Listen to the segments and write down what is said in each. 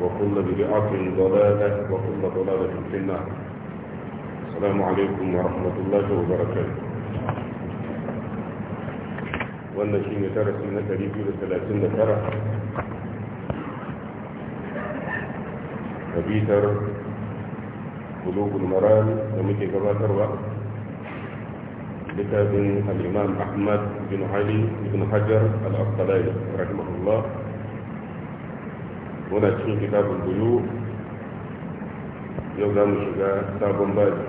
وكل بدعه ضلاله وكل ضلاله في النار السلام عليكم ورحمه الله وبركاته وانا شيني ترك من تاريخ ثلاثين ترى كبيتر قلوب المرام لمتي كباتر كتاب الامام احمد بن علي بن حجر الاصطلاني رحمه الله muna cikin kitabun buyu yau za mu shiga sabon babi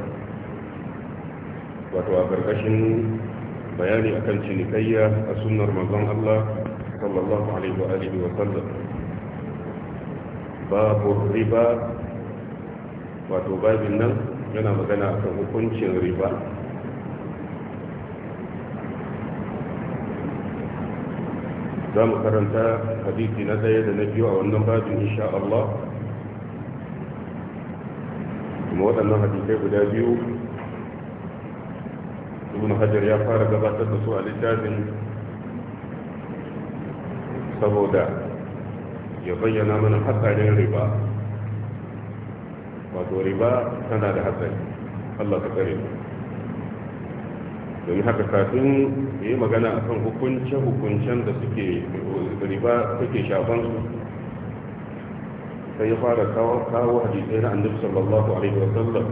wato a ƙarƙashin bayani akan cinikayya a sunar mazan Allah sallallahu alaihi wa alihi wa sallam babu riba wato babin nan yana magana akan hukuncin riba za mu karanta hadisi na ɗaya da na biyu a wannan babin insha Allah kuma waɗannan hadisai guda biyu ibn hajar ya fara gabatar da su a littafin saboda ya bayyana mana hatsarin riba wato riba tana da hatsari Allah ka kare mu domin haka kafin ya yi magana akan hukunce-hukuncen da suke riba suke shafansu sai ya fara kawo hadisai na annabi sallallahu alaihi wa sallam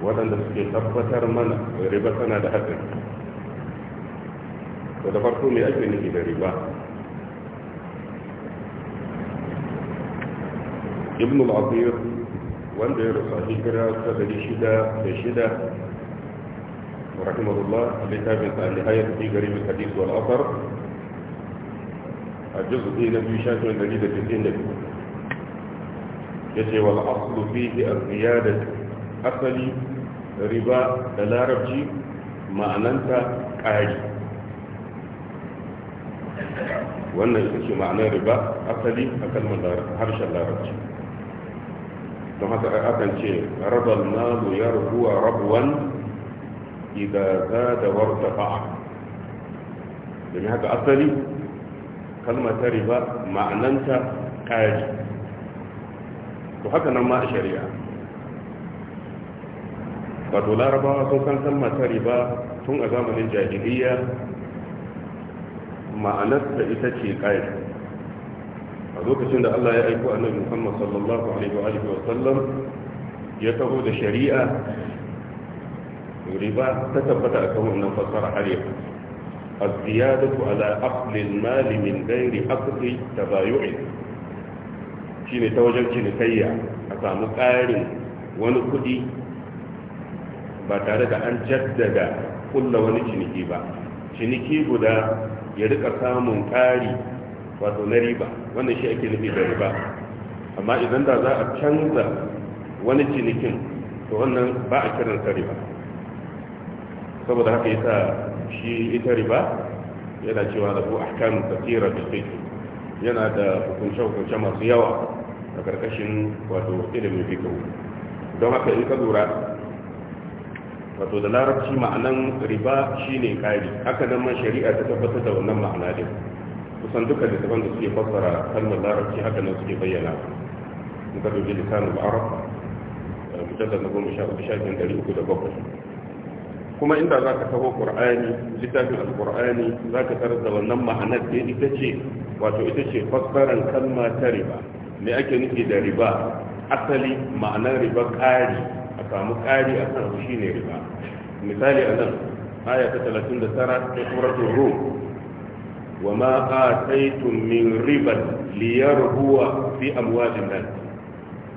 waɗanda suke tabbatar mana riba tana da haɗin da da farko mai ake nufi da riba ibn al-azir wanda ya rasu a shekara ta rahimahullah littafin sa nihayat fi garib al-hadith wal athar a juz'i na biyu shafin dari da tisin da biyu yace wal aslu fihi az asali riba da larabci ma'ananta ƙari wannan ita ce ma'anar riba asali a kalmar harshen larabci haka akan ce rabal malu ya rabuwa rabuwan da warta fa'a, إذا زاد وارتفع لما هذا أصلي كلمة ربا معننت قاري وهكذا ما الشريعة wato larabawa sun san kalma ta riba tun a zamanin jahiliya ma'anarsa ita ce ƙayar a lokacin da allah ya aiko annabi muhammad sallallahu alaihi wa sallam ya taho da shari'a riba ta tabbata akan wannan fasara har yau الزيادة على أخذ المال من غير أخذ تبايع shine ta wajen cinikayya a samu ƙarin wani kuɗi ba tare da an jaddada kulla wani ciniki ba ciniki guda ya rika samun ƙari wato na riba wannan shi ake nufi da riba amma idan da za a canza wani cinikin to wannan ba a kiransa riba saboda haka yasa shi ita riba yana cewa da ku ahkamu kathira bil fiqh yana da hukunce hukunce masu yawa a karkashin wato ilimin fiqh don haka in ka lura wato da larabci ma'anan riba shine kari haka nan ma shari'a ta tabbatar da wannan ma'ana din kusan duka littafan da suke fassara kalmar larabci haka nan suke bayyana in ka dubi lisanul arab mujallad na goma sha uku shafin ɗari uku da bakwai kuma inda za ka taho ƙur'ani littafin alƙur'ani za ka tarar da wannan ma'anar da ita ce wato ita ce fassarar kalma ta riba me ake nufi da riba asali ma'anar riba ƙari a samu ƙari a kan shi ne riba misali a nan aya ta talatin da tara ta suratul rum wa ma ataitum min riban liyarbuwa fi amwalin nan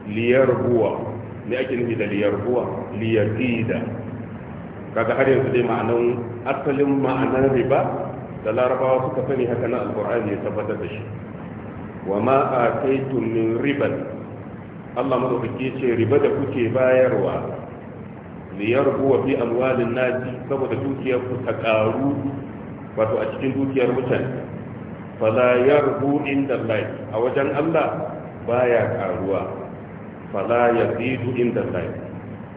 liyarbuwa me ake nufi da liyar liyarbuwa liyaqida kaga har yanzu dai ma'anan asalin ma'anan riba da larabawa suka sani haka na alkur'ani ya tabbatar da shi wa ma kai min riban Allah madaukake ce riba da kuke bayarwa liyarbu wa fi amwalin nasi saboda dukiyar ku ta ƙaru? wato a cikin dukiyar mutane falayar yarbu inda Allah a wajen Allah baya karuwa fala yazidu inda Allah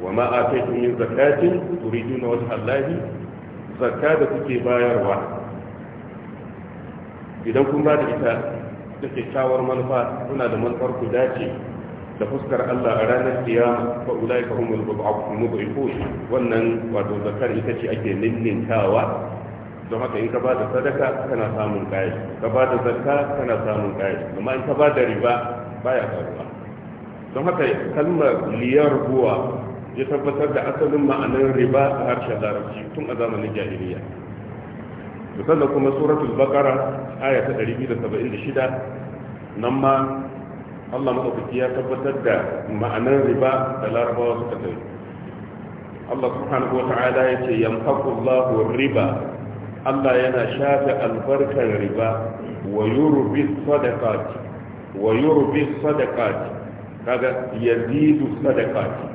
wa ma ataytum min zakatin turiduna wajha allahi zakka da kuke bayarwa idan kun ba da ita da kyakkyawar manufa kuna da manufar ku dace da fuskar Allah a ranar kiyama fa ulai ka humul mudhifun wannan wato zakar ita ce ake ninninkawa don haka in ka ba da sadaka kana samun kai ka ba da zakka kana samun kai amma in ba da riba baya karuwa don haka kalmar liyar huwa ya tabbatar da asalin ma'anar riba a harshen larabci tun a zamanin jahiliya musamman kuma suratul bakara aya ta 276 nan ma Allah maɗaukaki ya tabbatar da ma'anar riba da larabawa suka tare Allah subhanahu wa ta'ala ya ce yamhaqullahu riba Allah yana shafe albarkar riba wa yurbi sadaqat wa yurbi kaga yazidu sadaqat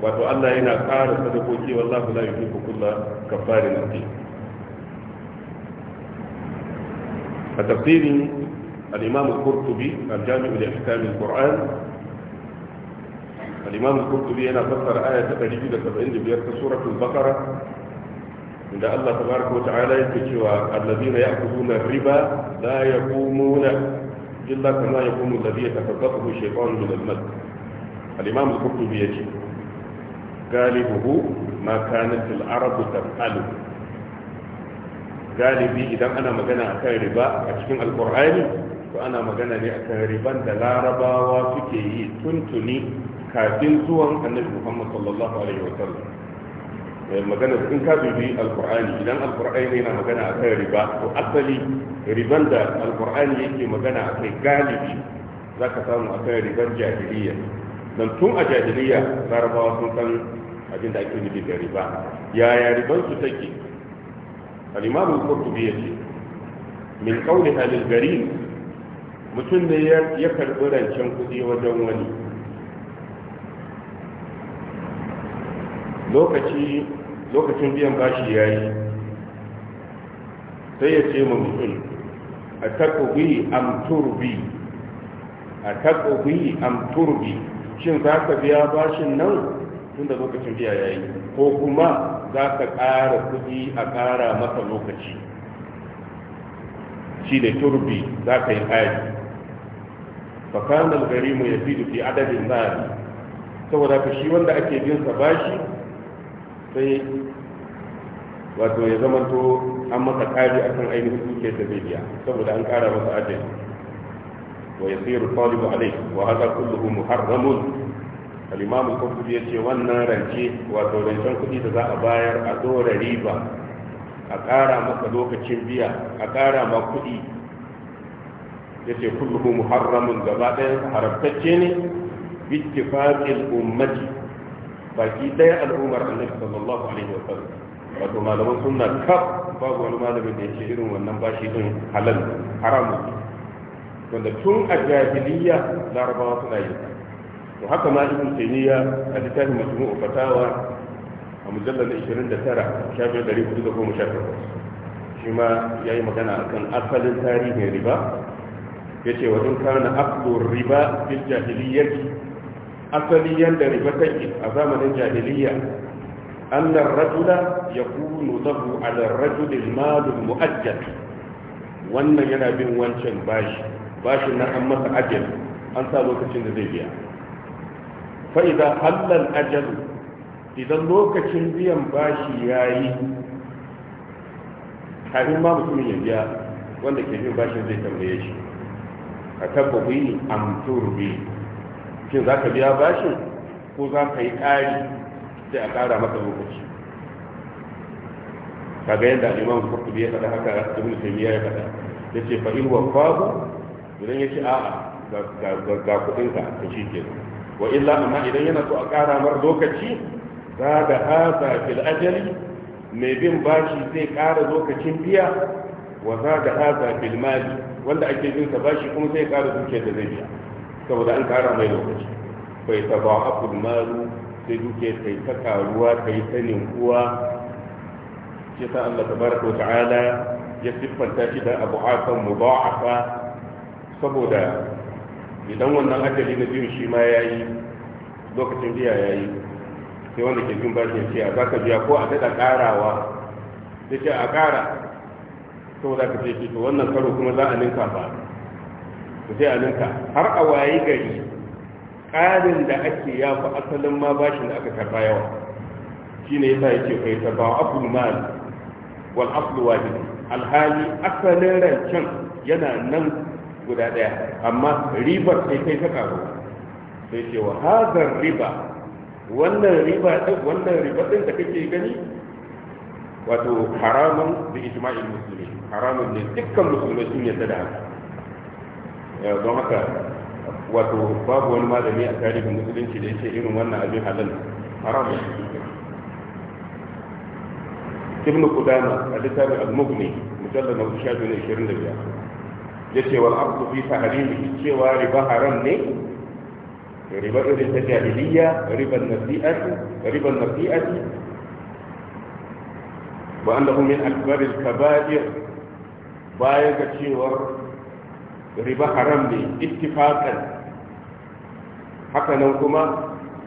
wato Allah yana ƙara sadakoki wallahu la yuhibbu kulla kafarin athim a tafsirin al-Imam al-Qurtubi al-Jami' li ahkam al-Qur'an al-Imam al-Qurtubi yana fassara aya ta 175 ta suratul Baqara inda Allah tabaraka wa ta'ala yake cewa alladhina ya'kuluna riba la yaqumuna illa kama yaqumu alladhi yatafaqqahu shaytanu min al-mas al-Imam al-Qurtubi yake galibuhu ma kanat al-arabu galibi idan ana magana akan riba a cikin alqur'ani to ana magana ne akan riban da larabawa suke yi tuntuni kafin zuwan annabi Muhammad sallallahu alaihi wa sallam eh, magana in ka dubi alqur'ani idan alqur'ani yana magana akan riba to asali riban da alkur'ani yake magana kai galibi ka samu akan riban jahiliya dan tun a jahiliya larabawa sun san abin da ake nufi da riba yaya riban su take alimamu imamu al ce min kauli halin garin mutum ne ya karbi rancen kuɗi wajen wani lokaci lokacin biyan bashi yayi sai ya ce ma mutum a takobi am turbi a takobi am turbi shin za ka biya bashin nan tunda lokacin biya ya yi ko kuma za ka ƙara kuɗi a ƙara masa lokaci shi da turbi za ka yi ƙari fakanar gari mu ya fi fi adadin nari saboda ka shi wanda ake bin sa bashi sai wato ya zamanto an masa ƙari akan ainihin dukiyar da zai biya saboda an ƙara masa adadi wa yasiru talibu alai wa hada kulluhu muharramun al-imam ya ce wannan rance wato rancen kuɗi da za a bayar a dora riba a ƙara maka lokacin biya a ƙara ma kuɗi yace kulluhu muharramun gaba ɗaya haramtacce ne bittifaqil ummati baki ɗaya al'ummar annabi sallallahu alaihi wa sallam wato malaman sunna kaf babu wani malamin da yake irin wannan bashi din halal haramun wanda tun a jahiliya larabawa suna yi to haka ma ibn taymiya a littafin majmu'u fatawa a mujallal 29 shafin 418 shi ma yayi magana akan asalin tarihin riba yace wa in kana aqdu riba fil jahiliyyati asali yanda riba take a zamanin jahiliyya أن الرجل يكون له على الرجل المال المؤجل wannan yana bin wancan bashi bashin nan an masa ajal an sa lokacin da zai biya fa'iza hallal ajalu idan lokacin biyan bashi ya yi kafin ma mutumin ya biya wanda ke biyan bashin zai tambaye shi a tabbabi amturbi shin za ka biya bashin ko za ka yi ƙari sai a ƙara maka lokaci kaga yadda liman kurtubi ya faɗa haka ibn taymiya ya faɗa yace fa in wafabu idan yace a'a ga ga kuɗinka ta shi kenan wa illa amma idan yana so a ƙara mar lokaci za da hasa fil ajali mai bin bashi zai ƙara lokacin biya wa za da hasa fil mali wanda ake bin sa bashi kuma sai ƙara dukiyar da zai biya saboda an ƙara mai lokaci bai ta ba a sai dukiyar ta yi ta ƙaruwa ta yi sanin kuwa shi sa Allah tabaraka wa ta'ala ya siffanta shi da abu'afan mudha'afa saboda idan wannan ajali na biyu shi ma ya yi lokacin biya ya yi sai wanda ke jin bashi ce a za ka biya ko a daga ƙarawa da ce a ƙara za ka ce to wannan karo kuma za a ninka ba ku sai a ninka har a wayi gari ƙarin da ake ya fi asalin ma bashin da aka karɓa yawa shi ne yasa yake kai ta ba abu mal wal aslu wahid alhali asalin rancen yana nan guda ɗaya amma ribar sai kai ta karu sai ce wa hazar riba wannan riba ɗin wannan riba ɗin da kake gani wato haramun da ijma'in musulmi haramun ne dukkan musulmi sun yadda da haka eh, don haka wato babu wani malami a tarihin musulunci da yake irin wannan abin halal haramun ibn qudama a tabi al-mughni mujallad na 25 ya ce wal abdu fi tahrimi cewa riba haram ne riba irin ta jahiliya riban nasi'ati riban nasi'ati wa annahu min akbar al kaba'ir baya ga cewa riba haram ne ittifaqan haka nan kuma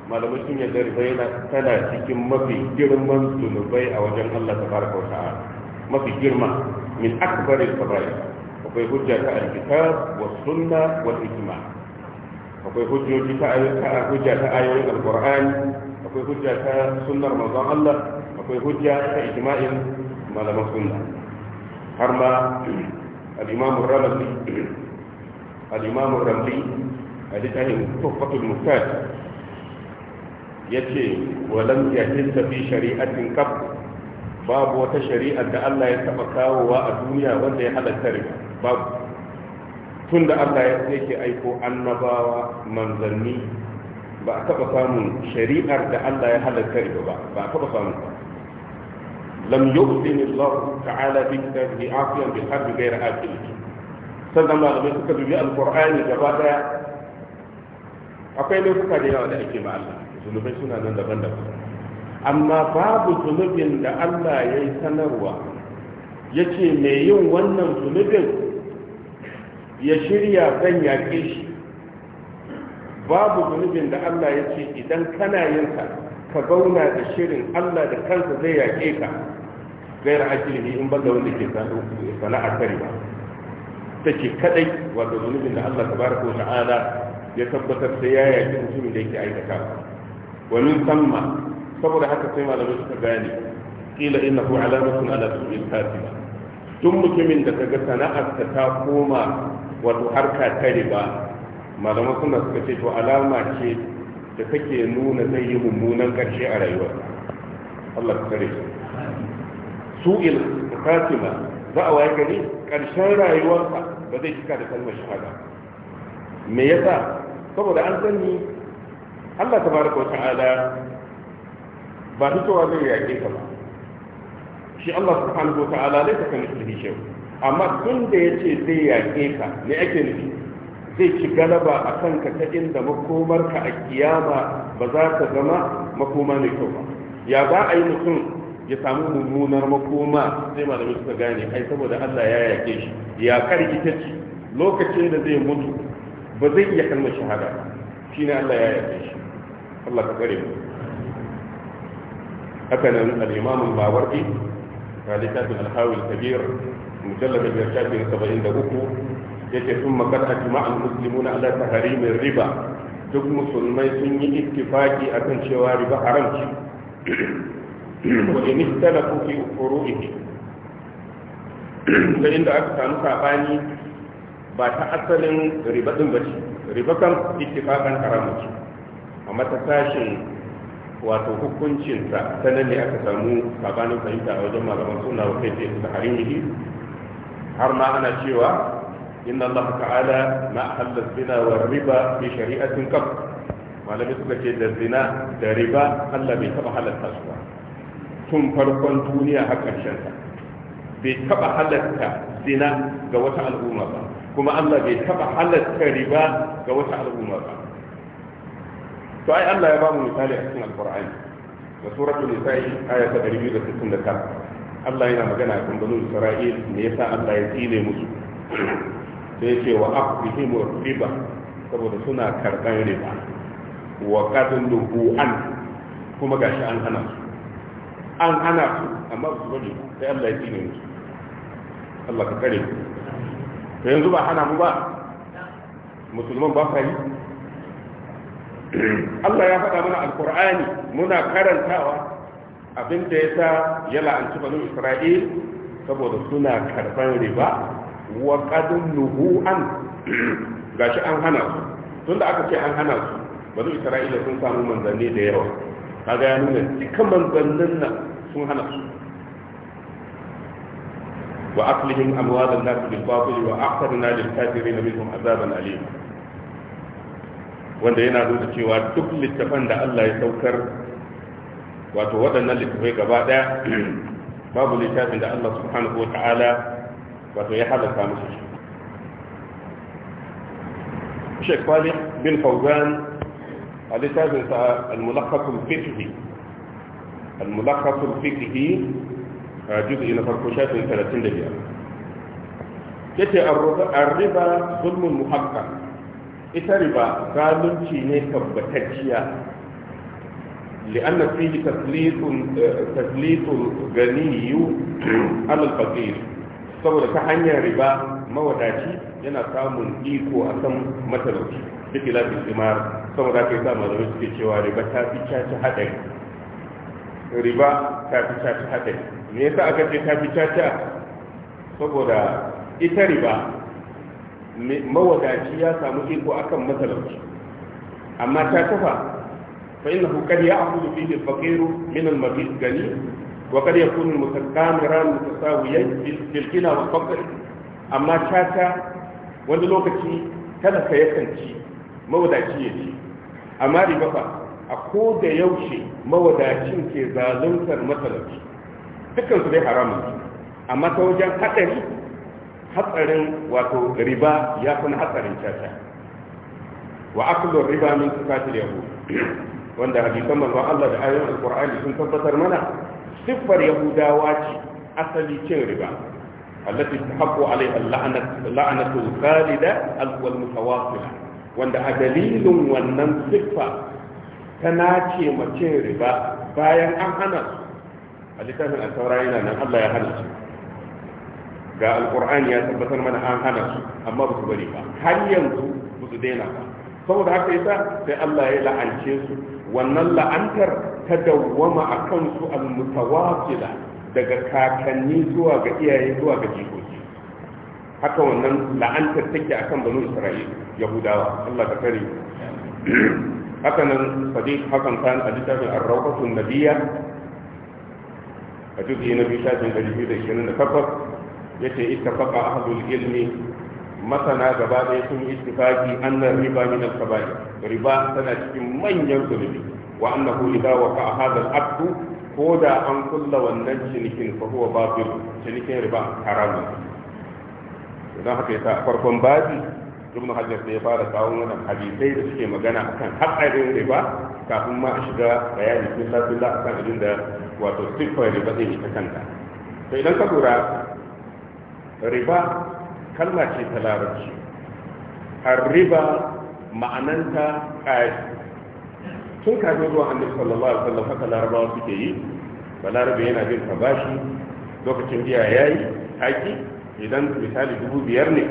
malamai sun yarda riba yana tana cikin mafi girman zunubai a wajen Allah tabaraka wa ta'ala mafi girma min akbar al kaba'ir akwai hujja ta alkitab wa sunna wa ijma akwai hujjoji ta hujja ta ayoyin alqur'ani akwai hujja ta sunnar manzon Allah akwai hujja ta ijma'in malaman sunna har ma al-imam ar-ramli al-imam ar-ramli a littafin tuhfatul muftat yace walam yahilla fi shari'atin qab babu wata shari'a da Allah ya taba kawowa a duniya wanda ya halatta riba babu tun da allah ya yake aiko annabawa manzanni ba a taɓa samun shari'ar da allah ya halatta riba ba ba a taɓa samun ba lam yuqdin allah ta'ala bi kitabihi afiyan bil harbi ghayra aqil sannan malamai suka dubi alqur'ani gaba daya akwai laifuka da yawa da ake ba allah zunubai suna nan daban-daban amma babu zunubin da Allah ya yi sanarwa ya ce mai yin wannan zunubin ya shirya zan yaƙe shi babu zunubin da Allah ya ce idan kana yin ka zauna da shirin Allah da kansa zai yaƙe ka gairar akilihi in banda wanda ke ya a kare ba Ta ce kadai wato zunubin da Allah tabaraka wa ta'ala ya tabbatar sai ya yaƙi mutumin da yake aikata wa min samma saboda haka sai malamai suka gane kila innahu alamatun ala su'il khatima duk mutumin da ga sana'arsa ta koma wato harka ta riba malaman suna suka ce to alama ce da take nuna zai yi mummunan ƙarshe a rayuwa Allah ka kare su il Fatima za a waye gari ƙarshen rayuwarsa ba zai cika da kalmar shahada me yasa saboda an sani Allah tabaraka wa ta'ala ba fitowa zai yaƙe ka ba shi Allah subhanahu wa ta'ala zai saka misali shehu amma tun da ya ce zai yaƙe ka ne ake nufi zai ci galaba a kanka ta inda makomarka a kiyama ba za ka zama makoma mai kyau ba ya ba a yi mutum ya samu mummunar makoma sai malamai suka gane ai saboda allah ya yaƙe shi ya ita ce lokacin da zai mutu ba zai iya kalmar shahada shi ne allah ya yaƙe shi allah ka tsare mu haka nan al-imamu bawardi ga littafin al-hawi kabir مجلد biyar shafin saba'in da uku ثم قد أجمع المسلمون على musulmuna الربا taharimin riba duk musulmai sun yi ittifaki akan cewa riba haramci فإن دعاك ikhtalafu fi باتا da ربا aka samu sabani ba ta asalin riba wato hukuncinsa ta ne aka samu sabanin fahimta a wajen malaman suna wa kai harin yi har ma ana cewa inna Allah ta'ala na halal zina wa riba bi shari'atin qab malami suka ce da zina da riba Allah bai taba halatta su ba tun farkon duniya har karshen ta bai taba halatta zina ga wata al'umma ba kuma Allah bai taba halatta riba ga wata al'umma ba to ai Allah ya ba mu misali a cikin alqur'ani da suratul nisa'i ayata 269 Allah yana magana kan banu Isra'il me yasa Allah ya tsine musu sai yake wa aqbihim riba saboda suna karban riba wa qadluhu an kuma gashi an hana su an hana su amma su bari sai Allah ya tsine musu Allah ka kare to yanzu ba hana mu ba musulman ba fa yi Allah ya faɗa mana alkur'ani muna karantawa abin da ya sa ya la'anci banu isra'il saboda suna karban riba wa qadun an gashi an hana su tunda aka ce an hana su banu isra'ila sun samu manzanni da yawa kaga ya nuna dukkan manzannin nan sun hana su wa amwal amwalan nas bil batil wa aqtarna lil kafirin minhum azaban alim wanda yana nuna cewa duk littafan da Allah ya saukar wato waɗannan littafai gaba ɗaya babu littafin da Allah subhanahu wa ta'ala wato ya halatta musu shi Sheikh Salih bin Fawzan a littafin sa al-mulakhatul fiqhi al-mulakhatul fiqhi juz'i na farko shafin 35 yace ar-riba zulmul muhaqqaq ita riba zalunci ne tabbatacciya لأن فيه تسليط تسليط الغني على الفقير saboda ta hanyar riba mawadaci yana samun iko a kan matalauci duk lafin imar saboda yi sa malamai suke cewa riba ta fi caci haɗari riba ta fi caci haɗari me yasa aka ce ta fi caci saboda ita riba mawadaci ya samu iko akan matalauci amma ta tafa فإنه قد يأخذ فيه الفقير من المبيت غني وقد يكون المتكامران متساويين في الغنى والفقر أما شاتا wani lokaci talaka yakan ci mawadaci ya ci amma riba fa a ko da yaushe mawadacin ke zaluntar matalauci dukkan su dai haramun amma ta wajen hatsarin wato riba ya fi hatsarin caca wa akulun riba min sifatil yahud wanda hadisan manzon Allah da ayoyin alqur'ani sun tabbatar mana siffar yahudawa ce asali cin riba allati tahaqqu alaiha la'natu khalida wal mutawassila wanda a dalilin wannan siffa ta nace cin riba bayan an hana a littafin alkawara yana nan Allah ya hana su ga alkur'ani ya tabbatar mana an hana su amma ba su bari ba har yanzu ba su daina ba saboda haka yasa sai Allah ya la'ance su wannan la'antar ta dawwama a kansu almutawafila daga kakanni zuwa ga iyaye zuwa ga jikoki haka wannan la'antar take akan banu isra'il yahudawa Allah ka kare haka nan sadiq hakan kan a littafin ar-rawqatun nabiyya a juzi na biyu shafin ɗari biyu da ishirin da takwas ya ce ita ittafaqa ahlul ilmi masana gaba ɗaya sun yi istifaki annar riba min al-kabair riba tana cikin manyan zunubi wa annahu idza waqa'a hadha al-aqd ko da an kulla wannan cinikin fa huwa batil cinikin riba haramun idan haka yasa farkon babi ibn hajar sai ya fara kawo wannan hadisai da suke magana akan hatsarin riba kafin ma a shiga bayani ko sabbin da akan abin da wato siffar riba zai yi ta kanta to idan ka lura riba kalma ce ta larabci arriba ma'ananta ƙari tun kafin zuwa annabi sallallahu alaihi wasallam haka larabawa suke yi balarabe yana bin ka bashi lokacin biya yayi haƙi idan misali dubu biyar ne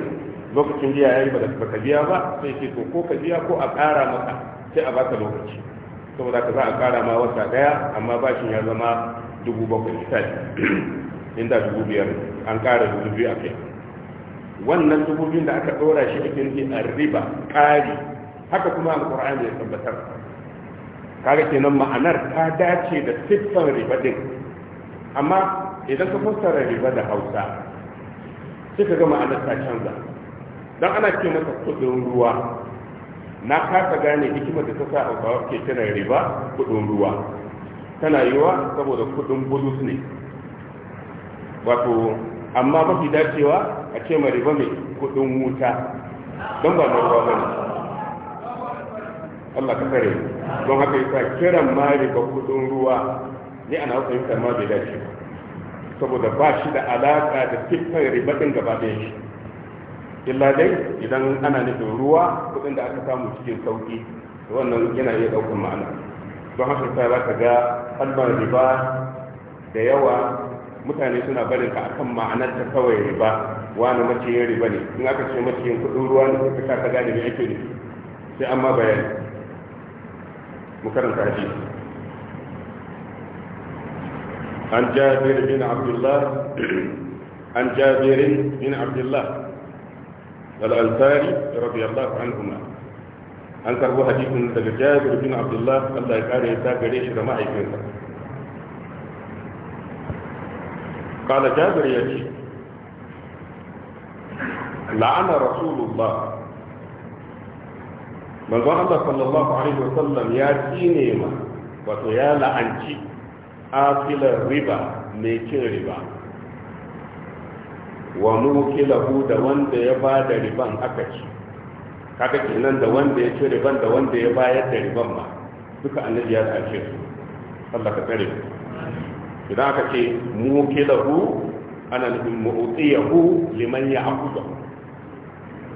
lokacin biya yayi ba ka biya ba sai ke ko ka biya ko a ƙara maka sai a baka lokaci saboda ka za a ƙara ma wata ɗaya amma bashin ya zama dubu bakwai misali inda dubu biyar an ƙara dubu biyu a kai wannan dubobin da aka dora shi ake nufi riba ƙari haka kuma alƙur'ani ya tabbatar kaga kenan ma'anar ta dace da siffar riba din amma idan ka fassara riba da hausa sai ka ga ma'anar ta canza don ana ce masa kudin ruwa na kasa gane hikimar da ta sa hausawa ke kiran riba kudin ruwa tana yiwa saboda kudin bulus ne wato amma mafi dacewa a ce ma riba mai kudin wuta don ba mai ruwa ne Allah ka tsare don haka sa kiran ma ba kudin ruwa ne ana yin ma bai dace saboda ba shi da alaka da siffar riba din gaba da shi illa dai idan ana nufin ruwa kudin da aka samu cikin sauki wannan yana iya ɗaukar ma'ana don haka yasa za ka ga kalmar riba da yawa mutane suna barin ka akan ma'anar ta kawai riba wani maciyin riba ne in aka ce maciyin kudin ruwa ne sai ka ka gane me ake nufi sai amma bayani mu karanta shi an jabir bin abdullah an jabir bin abdullah al-ansari radiyallahu anhuma an karbo hadisin daga jabir bin abdullah Allah ya kare ya ta gare shi da mahaifinsa قال جابر يجي لعن رسول الله manzo Allah sallallahu ya tsine ma wato ya la'anci afilar riba mai cin riba wa mukilahu da wanda ya ba da riban aka ci kaga kenan da wanda ya ci riban da wanda ya bayar da riban ma duka annabi ya sace su Allah ka tsare mu idan aka ce hu ana nufin mu'tiyahu liman ya ya'khudhu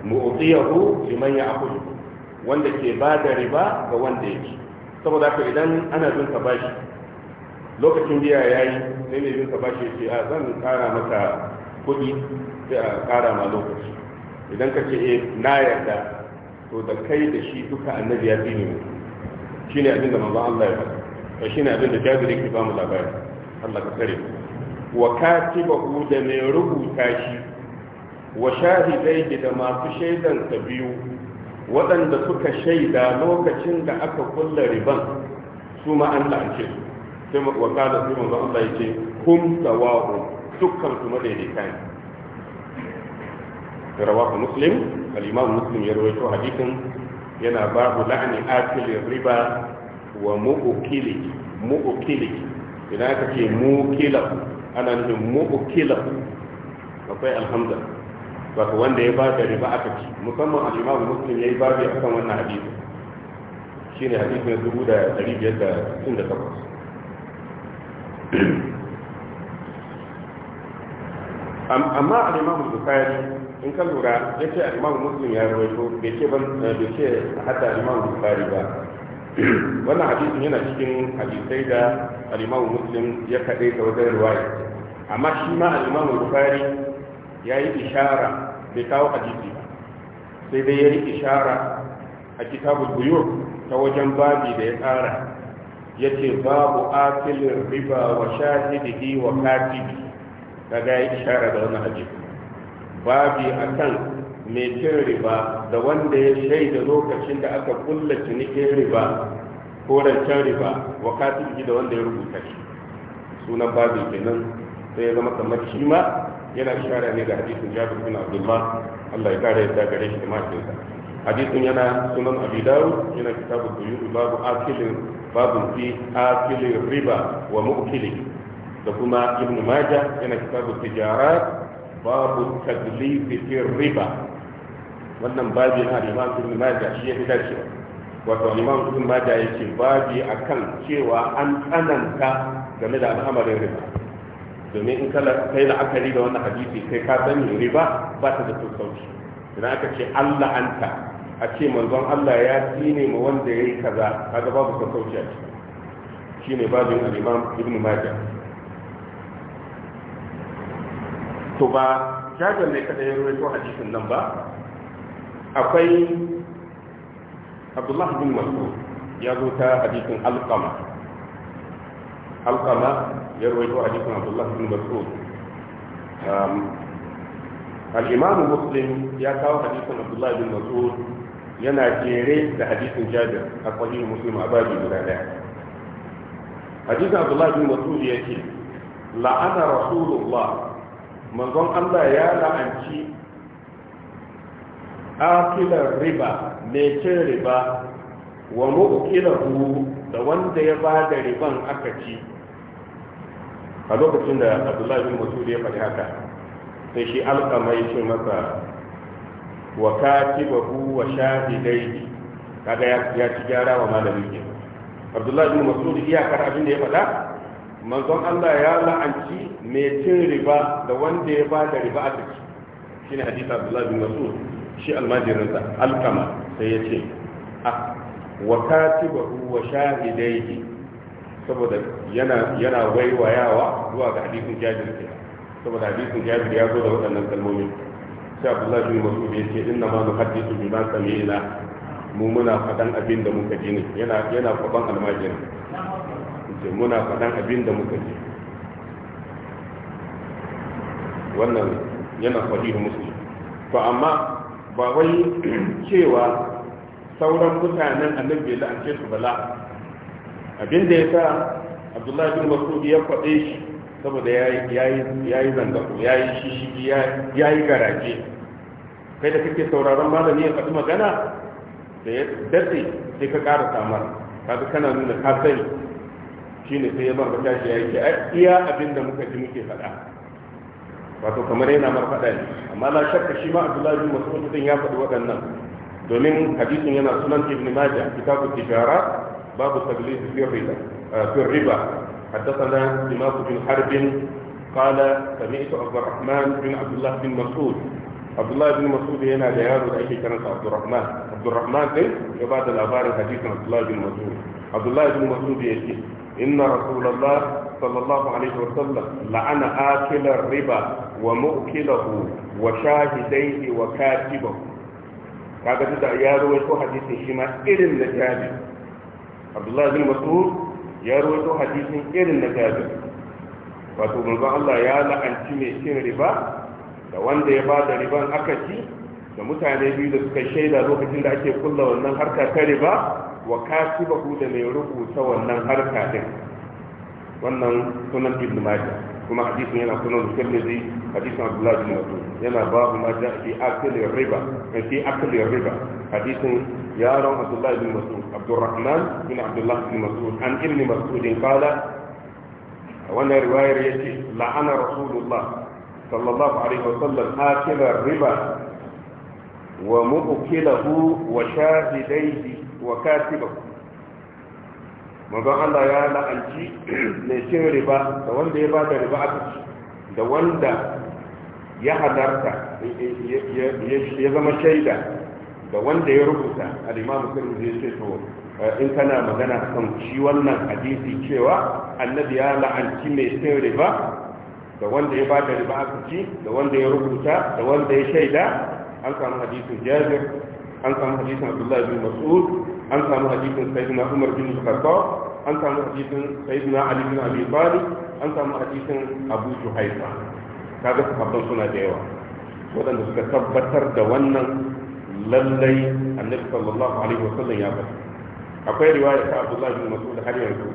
mu'tiyahu liman ya ya'khudhu wanda ke ba da riba ga wanda yake saboda haka idan ana bin ka bashi lokacin biya yayi sai ne bin ka bashi ce a zan kara maka kuɗi sai a kara ma lokaci idan ka ce eh, na yarda to da kai da shi duka annabi ya Shi ne shine abin da manzon Allah ya faɗa shine abin da Jabir ke ba mu labari Allah ka kare wa katibahu da mai rubuta shi wa shahidai da masu shaidan ta biyu waɗanda suka shaida lokacin da aka kulla riban su ma an la'ance su sai wa kada sai manzo Allah ce kum sawa'u dukkan su madaidaita ne rawahu muslim al-imam muslim ya rawaito hadithin yana babu la'ani akili riba wa mu'ukili idan aka ce mu kila ana nufin kila akwai alhamza wato wanda ya bada riba aka ci musamman al-imamu muslim yayi babu akan wannan hadisi shine hadisi na dubu da dari biyar da sittin da takwas amma al-imamu bukari in ka lura ya ce al-imamu muslim ya rawaito bai ce ban bai ce hatta al bukari ba wannan hadisin yana cikin hadisai da al Muslim ya kade ta wajen ruwaya amma shi ma al-Imam Bukhari yi ishara bai kawo hadisi ba sai dai yayi ishara a kitabul buyur ta wajen babi da ya tsara yace babu akilin riba wa shahidihi wa katibi daga yayi ishara da wannan hadisi babi akan mai cin riba da wanda ya shaida lokacin da aka kulla cinikin riba ko rancen riba wa katibi da wanda ya rubuta shi sunan babu kenan sai ya zama kamar shi ma yana shara ne ga hadisin jabir bin abdullah Allah ya kare ta gare shi da mahaifinsa hadisin yana sunan abi dawud yana kitabu buyur babu akilin babu fi akilin riba wa mu'kili da kuma ibn majah yana kitabu tijarat babu tadlifi fi riba wannan babi na imam ibn majah shi ya fi dacewa wato imam ibn majah yake babi akan cewa an tsananta game da al'amarin riba domin in kala kai la'akari da wannan hadisi kai ka sani riba ba ta da sassauci idan aka ce Allah anta a ce manzon Allah ya dine ma wanda yayi kaza kaga babu sassauci a ciki shine babin al-imam ibn majah to ba jagan ne kada ya rawaito hadisin nan ba akwai Abdullahi bin mas'ud ya zo ta hadisin alqama alqama ya rawaito hadisin Abdullahi bin mas'ud um, al-imam muslim ya kawo hadisin Abdullahi bin mas'ud yana jere da hadisin jabir a kwajin muslim a babi guda daya hadisin Abdullahi bin mas'ud ya ce la'ana rasulullah manzon allah ya la'anci akilar riba mai cin riba wa mu'kilahu da wanda ya ba da riban aka ci a lokacin da abdullahi bin masudi ya faɗi haka sai shi alƙamai shi masa wa babu wa shafi shahidaihi kaga ya ci gyara wa malami ke abdullahi bin masudi iyakar abin da ya faɗa manzon Allah ya la'anci mai cin riba da wanda ya ba da riba ci shi ne hadisi abdullahi bin masudi shi almajirinsa alkama sai ya ce a ah, wakati ba wa shahidai saboda yana yana waiwayawa zuwa ga hadisin jajir ke saboda hadisin jajir ya zo da waɗannan kalmomi sai abdullahi bin mas'ud ya ce inna ma nuhaddisu bima sami'na mu muna faɗan abin da muka ji ne yana yana faɗan almajir ce muna faɗan abin da muka ji wannan yana da muslim to amma ba wai cewa sauran mutanen annabi an ce su bala abin da ya sa abdullahi bin masud ya faɗe shi saboda ya yi zanga ya yi shishigi ya yi garaje kai da kake sauraron malami ya faɗi magana da ya dace sai ka ƙara samar kaga kana nuna ka sani shine sai ya bar matashi ya yi ke iya abin da muka ji muke faɗa wato kamar yana marfaɗa ne amma na shakka shi ma abdullahi bin mas'ud din ya faɗi waɗannan domin hadisin yana sunan ibn majah kitabu tijara babu taglid fi riba eh, fi riba haddathana imam bin harb قال سمعت عبد الرحمن بن عبد الله بن مسعود عبد الله بن مسعود هنا لياد الأشي كانت عبد الرحمن عبد الرحمن قال بعد الأبار الحديث عبد الله بن مسعود عبد الله بن مسعود يجي إن رسول الله صلى الله عليه وسلم لعن آكل الربا ومؤكله وشاهديه وكاتبه kaga duk da ya rawaito hadisin shi ma irin na jabi abdullahi bin mas'ud ya rawaito hadisin irin na jabi wato manzon Allah ya la'anci mai cin riba da wanda ya bada riban aka ci da mutane biyu da suka shaida lokacin da ake kulla wannan harka ta riba wa kasibahu da mai rubuta wannan harka din wannan sunan ibn majah kuma hadisin yana sunan tirmidhi hadisin abdullahi bin mas'ud yana babu ma ja fi akli riba eh, fi akli riba hadisin yaron abdullahi bin mas'ud abdurrahman bin abdullahi bin mas'ud an ibn mas'ud qala wannan riwayar yace la'ana rasulullah sallallahu alaihi wasallam akila riba wa mu'kilahu wa shahidaihi wa katiba manzon Allah ya la'anci mai cin riba da wanda ya bada riba a ci da wanda ya hadarta ya zama shaida da wanda ya rubuta al-imam zai ya ce to in kana magana kan shi wannan hadisi cewa annabi ya la'anci mai cin riba da wanda ya bada riba a ci da wanda ya rubuta da wanda ya shaida an samu hadisin jazir an samu hadisin Abdullah bin Mas'ud an samu hadisin sayyidina umar bin khattab an samu hadisin sayyidina ali bin abi talib an samu hadisin abu juhaifa kaga sahabban suna da yawa Wadanda suka tabbatar da wannan lallai annabi sallallahu alaihi wasallam ya faɗi akwai riwaya ta abdullahi bin mas'ud har yanzu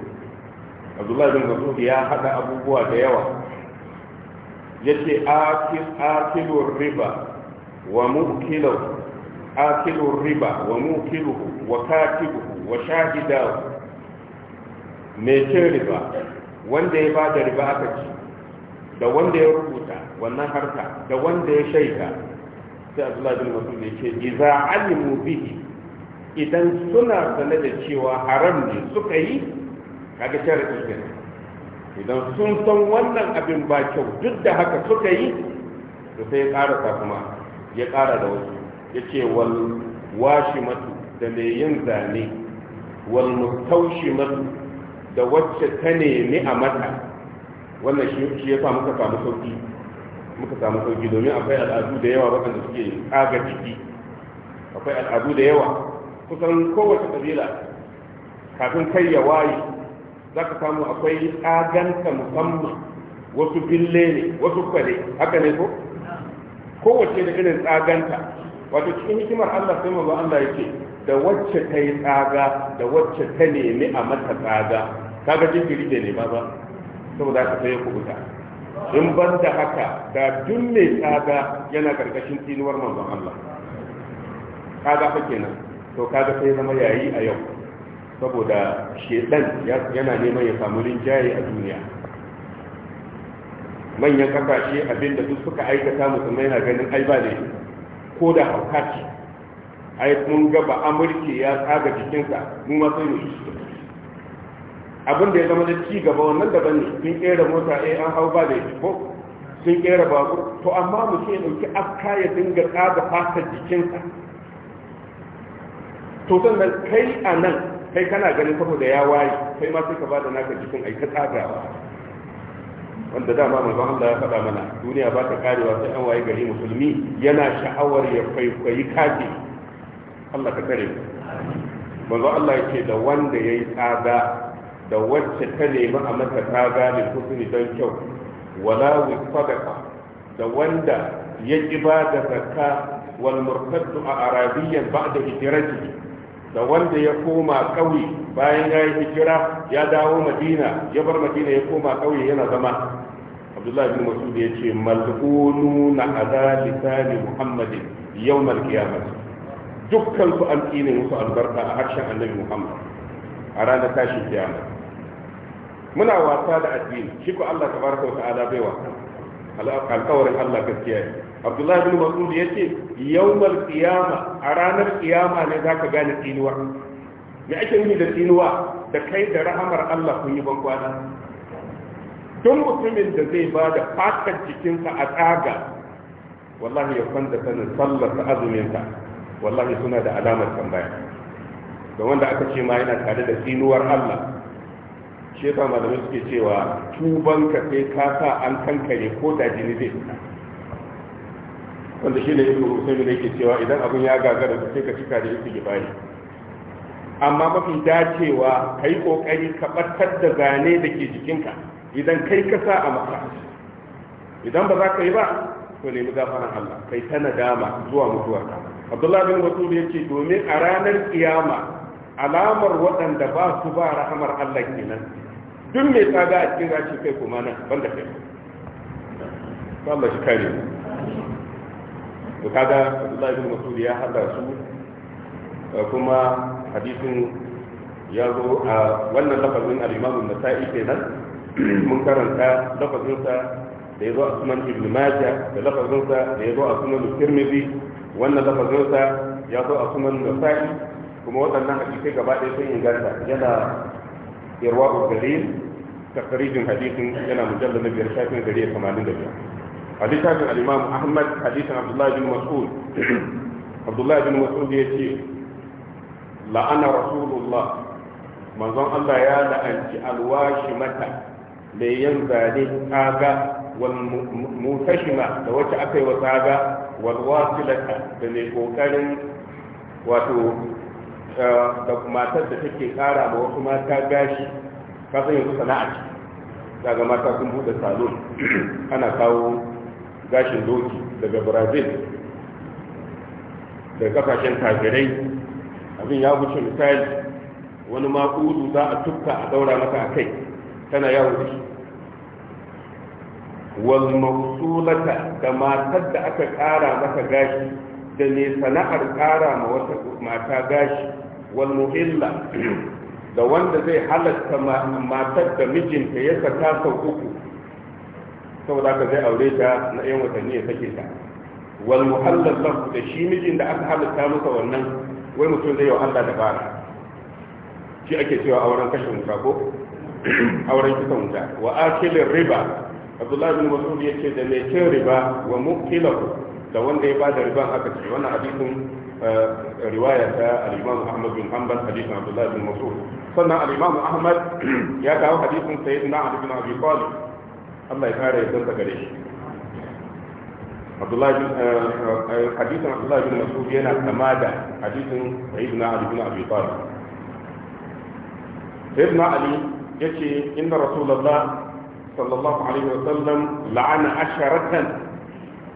abdullahi bin mas'ud ya hada abubuwa da yawa yace akil akilur riba wa mukilu akilur riba wa mukiluhu wa katibuhu wa shahidahu mai cin riba wanda ya ba da riba aka ci da wanda ya rubuta wannan harka da wanda ya shaida sai abdullahi bin masud ya ce idza alimu bihi idan suna sane da cewa haram ne suka yi kaga sharadi ne idan sun san wannan abin ba kyau duk da haka suka yi to sai ya ƙara kuma ya ƙara da wasu ya ce wal washi matu da mai yin zane wal mustawshimat da wacce ta nemi a mata wannan shi ya sa muka samu sauki muka samu sauki domin akwai al'adu da yawa waɗanda suke tsaga jiki akwai al'adu da yawa kusan kowace kabila kafin kai ya waye za ka samu akwai tsaganta musamman wasu bille ne wasu kwale haka ne ko kowace da irin tsaganta wato cikin hikimar Allah sai ba' Allah yake da wacce ta yi tsaga da wacce ta nemi a mata tsaga kaga jinkiri bai nema ba saboda ka sai ya kubuta in ban da haka da duk mai tsaga yana karkashin tinuwar manzon Allah kaga fa kenan to kaga sai zama yayi a yau saboda shedan yana neman ya samu rinjaye a duniya manyan shi abinda duk suka aikata musamman yana ganin ai ba ne ko da hauka ce ai mun ga ba amurke ya tsaga jikinsa mun ma sai mu abin da ya zama da ci gaba wannan da ne sun kera mota eh an hau ba da shi ko sun kera babur to amma mu ce dauki afka ya dinga tsaga fatar jikinsa to nan kai a nan kai kana ganin saboda ya waye kai ma sai ka bada naka jikin ai ka tsagawa wanda dama manzon Allah ya faɗa mana duniya ba ta karewa sai an waye gari musulmi yana sha'awar ya kwaikwayi kafi Allah ka kare manzo Allah yake da wanda yayi tsada da wacce ta nemi a mata tsada ne kusuri don kyau wala sadaka da wanda ya ƙi ba da zakka wal murtaddu a arabiyyan ba'da hijrati da wanda ya koma ƙauye bayan ya yi hijira ya dawo madina ya bar madina ya koma ƙauye yana zama abdullahi bin masud ya ce mal'unu na ala lisani muhammadin yawmal qiyamah dukkan su an tsine musu albarka a harshen annabi muhammad a ranar tashin kiyama muna wasa da addini shi ko Allah tabaraka wa ta'ala bai wasa alƙawarin Allah gaskiya ne abdullahi bin masud ya ce yau yawmal qiyama a ranar kiyama ne za ka gane tsinuwa me ake nufi da tsinuwa da kai da rahamar Allah kun yi bankwana duk mutumin da zai ba da fatan cikinsa a tsaga wallahi ya kwanta sanin sallar ta azuminsa wallahi suna da alamar tambaya da wanda aka ce ma yana tare da tsinuwar Allah shi malamai suke cewa tuban ka sai ka sa an kankare ko da jini zai fita wanda shi ne ibnu da yake cewa idan abin ya gagara sai ka cika da istighfari amma mafi dacewa ka yi ƙoƙari ka ɓatar da zane da ke jikinka idan kai ka sa a maka idan ba za ka yi ba to nemi gafaran Allah kai ta nadama zuwa mutuwarka Abdullah bin Mas'ud yace domin a ranar kiyama alamar waɗanda ba su ba rahamar Allah kenan duk mai tsaga a cikin rashin kai kuma nan banda kai Allah shi kare mu to kaga Abdullah bin Mas'ud ya hada su kuma hadisin ya zo a wannan lafazin al-Imam an-Nasa'i kenan mun karanta lafazinsa da ya zo a sunan ibn Maja da lafazinsa da ya zo a sunan tirmidhi wannan lafazinsa ya zo a sunan nasa'i kuma waɗannan hadisai gaba ɗaya sun inganta yana irwa galil takarijin hadisin yana mujallar na biyar shafin gari a kamanin da biyar hadisin al-imam ahmad hadisin abdullahi bin mas'ud abdullahi bin mas'ud ya ce la'ana rasulullah manzon Allah ya la'anci alwashi mata mai yin zane kaga wal mutashima da wacce aka yi wa kaga wal wasilata da mai kokarin wato eh, da matar da take kara ma wasu mata gashi ka san yanzu sana'a ce daga mata sun bude salon ana kawo gashin doki daga brazil da kasashen tagirai abin ya wuce misali wani makudu za a tukka a daura maka a kai tana yawo shi wal mawsulata da matar da aka kara mata gashi da ne sana'ar kara ma wata mata gashi wal muhilla da wanda zai halatta matar da mijinta ya saka sau uku saboda ka zai aure ta na yan watanni ya sake ta wal muhallal da shi mijin da aka halatta masa wannan wai mutum zai yi wa Allah dabara shi ake cewa auren kashin wuta ko auren kisan wuta wa akilin riba abdullahi bin mas'ud ce da mai cin riba wa muqilahu da wanda ya bada riban aka ce wannan hadisin eh, riwaya ta al-imam ahmad bin hanbal hadisin abdullahi bin mas'ud sannan al-imam ahmad ya kawo hadisin sayyidina ali bin abi talib Allah ya kare yadda gare shi eh, eh, hadisin abdullahi bin mas'ud yana kama da hadisin sayyidina ali bin abi talib sayyidina ali ya yace inna rasulullah صلى الله عليه وسلم لعن عشرة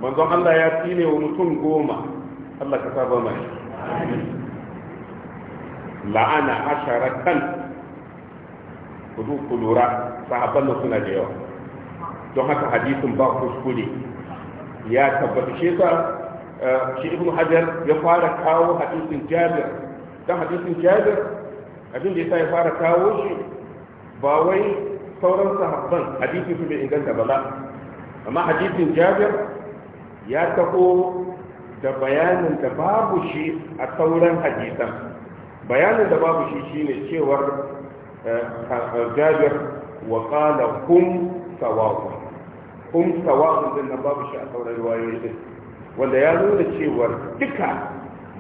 من ظن الله ياتيني ومتون قوما الله كتاب ماشي لعن عشرة كدو كدورا صحابة نصنا جيو جوها كحديث باقف سكولي يا تبقى شيطا شيء ابن حجر يفعل كاو حديث جابر ده حديث جابر أجل يسا يفعل كاو شيء باوي sauran sahabban hadisin su bai inganta ba ba amma hadisin jabir ya taho da bayanin da babu shi a sauran hadisan bayanin da babu shi shine cewar eh, jabir wa qala kum sawa'un kum sawa'un din babu shi a sauran riwayoyi wanda ya nuna cewar duka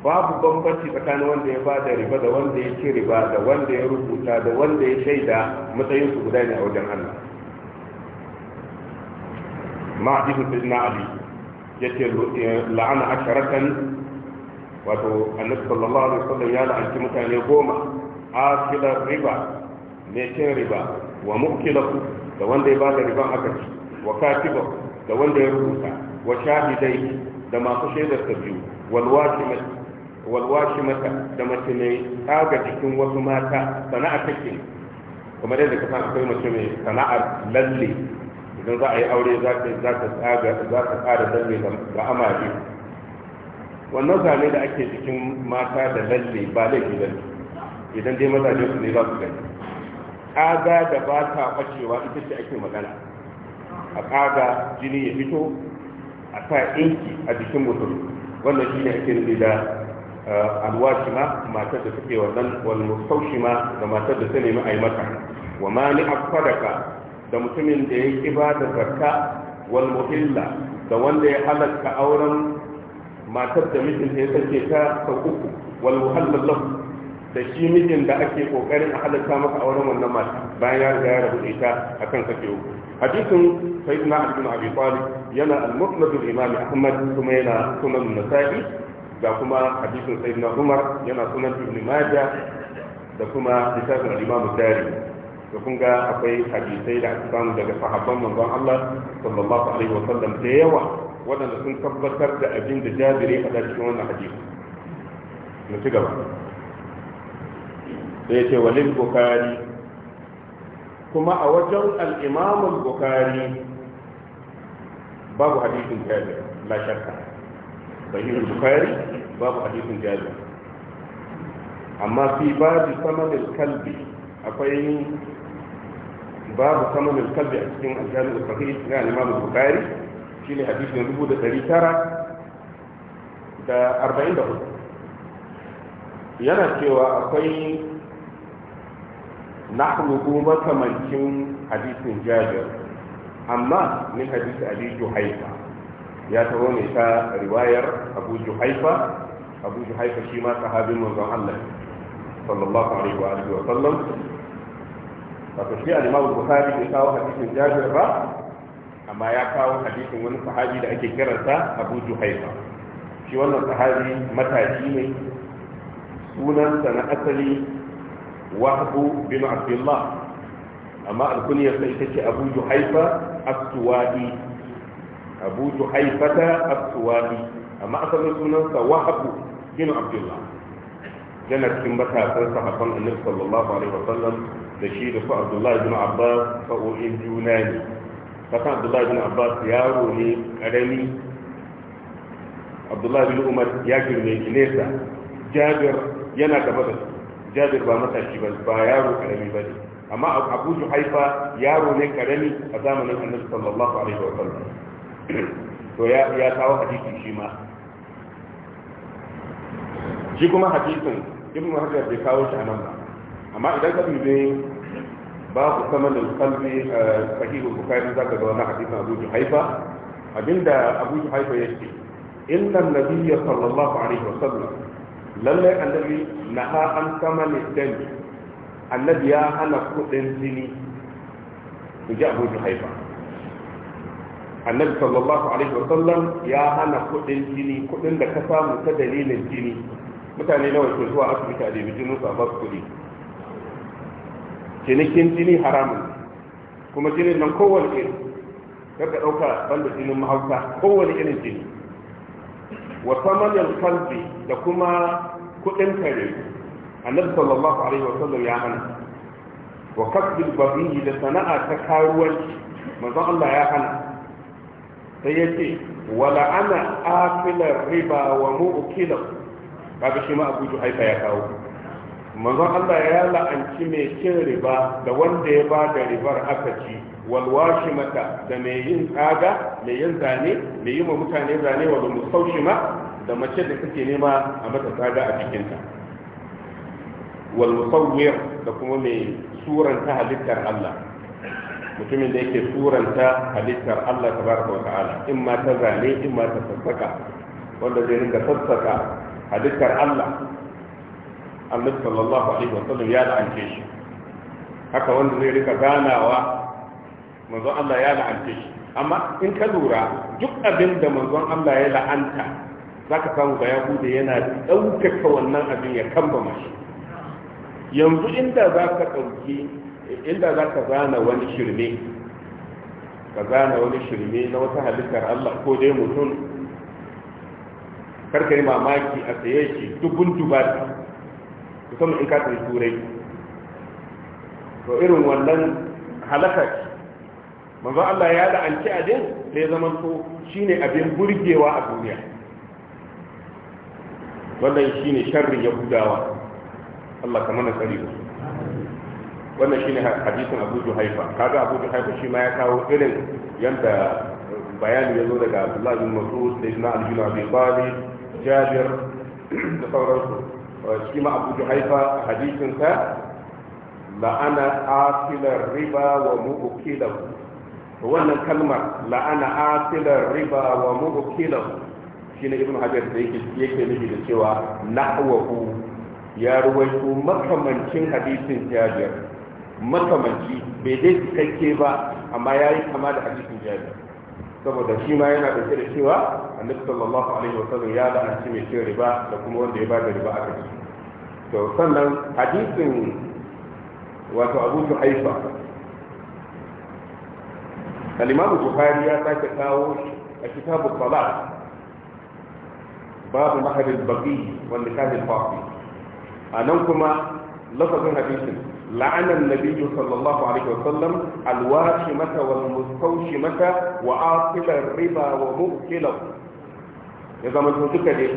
babu bambanci tsakanin wanda ya bada riba da wanda ya ci riba da wanda ya rubuta da wanda ya shaida matsayin su guda ne a wajen Allah ma hadisin sayyidina ali yace la'ana asharatan wato annabi sallallahu alaihi wasallam ya la'anci mutane goma akilar riba mai cin riba wa mukilahu da wanda ya bada riban aka ci wa katibahu da wanda ya rubuta wa shahidai da masu shaidar ta biyu wal wasimati walwashi mata da mace mai tsaga jikin wasu mata sana'a take dai da ka san akwai mace mai sana'ar lalle idan za a yi aure za ta za ta tsaga za ta tsara lalle ga amare wannan zane da ake jikin mata da lalle ba laifi lalle idan dai mazaje su ne za su gani tsaga da ba ta kwacewa ita ce ake magana a tsaga jini ya fito a sa inki a jikin mutum wannan shi ne ake nufi da alwashima matar da take wannan wal ma da matar da ta nemi a yi mata wa mani afadaka da mutumin da ya yi ba da zakka wal muhilla da wanda ya halatta auren matar da mijin ya sake ta sau uku wal muhallal lahu da shi mijin da ake kokarin a halatta maka auren wannan mata bayan ya riga ya rabu da ita a kan sake uku hadisin sayyidina ali bin abi talib yana al-musnad al-imam ahmad kuma yana sunan nasa'i ga kuma hadisin na umar yana sunan ibn majah da kuma littafin al-imam da kun ga akwai hadisai da aka samu daga sahabban manzon Allah sallallahu alaihi wa sallam da yawa waɗanda sun tabbatar da abin da jabiri a cikin wannan hadisi mu ci gaba sai ce walil bukhari kuma a wajen al-imam al-bukhari babu hadisin jabir la shakka sahihul bukhari babu hadisin jabir amma fi babu samanin kalbi akwai babu samanin kalbi a cikin aljami da sahih na imam bukhari shine hadisin dubu da dari tara da arba'in da hudu yana cewa akwai nahluhu makamancin hadisin jabir amma min hadisi ali Haifa. ya taho ne ta riwayar abu juhaifa abu juhaifa shi ma sahabin manzon Allah sallallahu alaihi wa alihi wa sallam wato shi al-Imam Bukhari bai kawo hadisin Jabir ba amma ya kawo hadisin wani sahabi da ake kiransa Abu Juhaifa shi wannan sahabi matashi ne sunansa na asali Wahbu bin Abdullah amma alkunyarsa ita ce Abu Juhaifa as-Suwadi abu haifata as-suwadi amma asalin sunansa wahabu bin abdullah yana cikin matasan sahabban annabi sallallahu alaihi wasallam da shi da su abdullahi bin abbas sa'o'in juna ne kasan abdullahi bin abbas yaro ne karami abdullahi bin umar ya girme shi nesa jabir yana gaba da su jabir ba matashi ba ba yaro karami ba ne amma abu haifa yaro ne karami a zamanin annabi sallallahu alaihi wa sallam to ya ya kawo hadisi shi ma shi kuma hadisin ibn hajar bai kawo shi anan ba amma idan ka dube ku sama da kalbi eh, sahihu bukhari zaka ga wannan hadisin abu haifa abinda abu haifa yake inna nabiyya sallallahu alaihi wasallam lalle annabi naha an kamala dani annabi ya hana kudin jini ku ji abu haifa annabi sallallahu alaihi wasallam ya hana kudin jini kudin da ka samu ta dalilin jini mutane nawa ke zuwa asibiti a debi jini su a basu kudi cinikin jini haramun kuma jinin nan kowane iri daga ɗauka banda jinin mahauta kowane irin jini wa samanin kalbi da kuma kudin kare annabi sallallahu alaihi wasallam ya hana wa kasbil babi da sana'a ta karuwanci manzon Allah ya hana sai ya ce wala ana afilar riba wa mu'kilan kaga shi ma abu haifa ya kawo manzon Allah ya la'anci mai cin riba da wanda ya ba da ribar aka ci walwashi mata da mai yin tsaga mai yin zane mai yi ma mutane zane wa musaushi da mace da take nema a mata tsaga a cikinta wal musawwir da kuma mai suran halittar Allah mutumin da yake turanta halittar Allah ta tabaraka wa ta'ala in ma ta zane in ma ta sassaka wanda zai rinka sassaka halittar Allah annabi sallallahu alaihi wa sallam ya la'ance shi haka wanda zai rika ganawa manzon Allah ya la'ance shi amma in ka lura duk abin da manzon Allah ya la'anta zaka samu ga yahudi yana ɗaukaka wannan abin ya kamba mashi yanzu inda za ka ɗauki inda za ka zana wani shirme ka zana wani shirme na wata halittar Allah ko dai mutum karkari yi mamaki a tsaye shi dubun dubati musamman in ka turai to irin wannan halakar manzo Allah ya la'anci din da ya zama to shine abin burgewa a duniya wannan shine sharrin yahudawa Allah ka mana tsari wannan shine hadisin Abu Juhaifa kaga Abu Juhaifa shi ma ya kawo irin yanda bayani ya zo daga Abdullah bin Mas'ud da Ibn Ali bin Abi Talib Jabir da sauransu uh, shi ma Abu Juhaifa hadisin sa la'ana asilar riba wa mu'kilahu wannan kalmar la'ana asilar riba wa shi ne Ibn Hajar da yake yake nufi da cewa nahwahu ya ruwaito makamancin hadisin Jabir makamanci bai dai cikakke ba amma ya yi kama da hadisin jabir saboda shi ma yana dauke da cewa annabi sallallahu alaihi wasallam ya la'anci mai cin riba da kuma wanda ya bada riba aka ci to sannan hadisin wato abu haifa al-imam bukhari ya sake kawo a kitabu salat babu mahar baki baqi wal nikah a nan kuma lafazin hadisin لعن النبي صلى الله عليه وسلم الواشمة والمستوشمة وآصل الربا ومؤكله ya zama to duka ne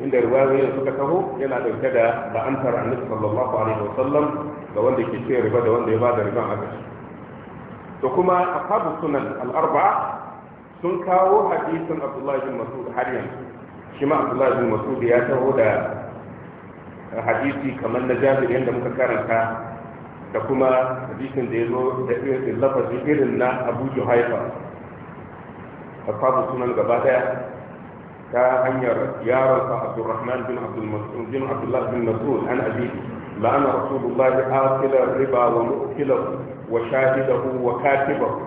inda riwayoyin suka taho yana dauke da la'antar annabi sallallahu alaihi wasallam ga wanda ke ce riba da wanda ya bada riban aka to kuma ashabu sunan al-arba'a sun kawo hadisin Abdullah Mas'ud har yanzu shi Mas'ud ya taho da hadisi kamar na Jabir da muka karanta da kuma hadisin da ya zo da irin lafazi irin na abu juhaifa ashabu sunan gaba daya ta hanyar yaron sa abdurrahman bin abdul mas'ud bin abdullah bin mas'ud an abi la'ana rasulullahi akila riba wa mu'kilahu wa shahidahu wa katibahu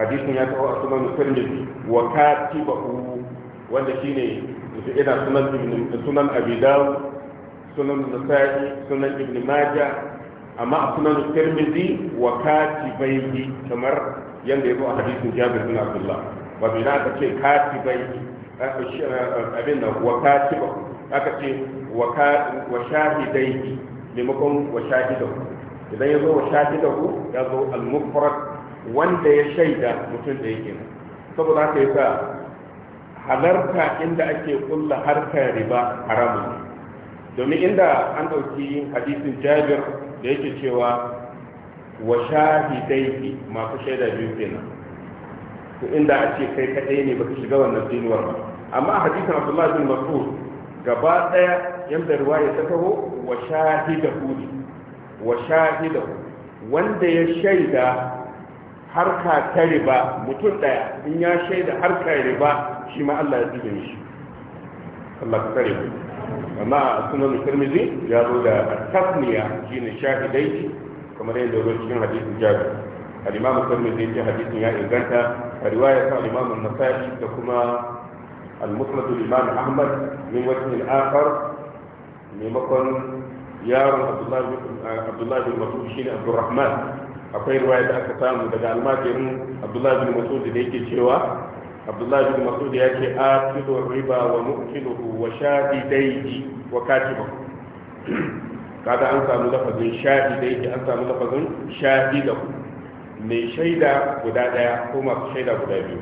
hadisin ya taho a sunan tirmidhi wa katibahu wanda shine ina sunan ibn sunan abi sunan nasa'i sunan ibn majah amma a sunan tirmidhi wa katibaihi kamar yanda yazo a hadisin jabir bin abdullah wato ina aka ce katibaihi eh, eh, abin da wa katiba aka ce wa shahidaihi maimakon wa shahidahu idan yazo wa shahidahu yazo al-mufrad wanda ya shaida mutum da yake saboda haka yasa halarta inda ake kulla harkar riba haramun domin inda an ɗauki hadisin jabir da yake cewa wa shahidaihi masu shaida biyu kenan to inda a ce kai kaɗai ne baka shiga wannan dinuwar ba amma a hadisin abdullahi bin mas'ud gaba ɗaya yanda ruwaya ta taho wa shahida ne wa shahida wanda ya shaida harka ta riba mutum ɗaya in ya shaida harka riba shi ma Allah ya tsibe shi Allah ka kare mu amma a sunan tirmidhi ya zo da tasniya shine shahidai kamar yadda zo cikin hadisin jabi al-imam tirmidhi ya hadisin ya inganta a riwaya ta al-imam an da kuma al-musnad ahmad min wajh al-akhar maimakon yaron abdullahi bin mas'ud shine abdurrahman akwai riwaya da aka samu daga almajirin abdullahi bin mas'ud da yake cewa abdullahi bin masud ya ce akilu riba wa mu'kiluhu wa shahidaihi wa katibahu kada an samu lafazin shahidaihi an samu lafazin shahidahu mai shaida guda daya ko masu shaida guda biyu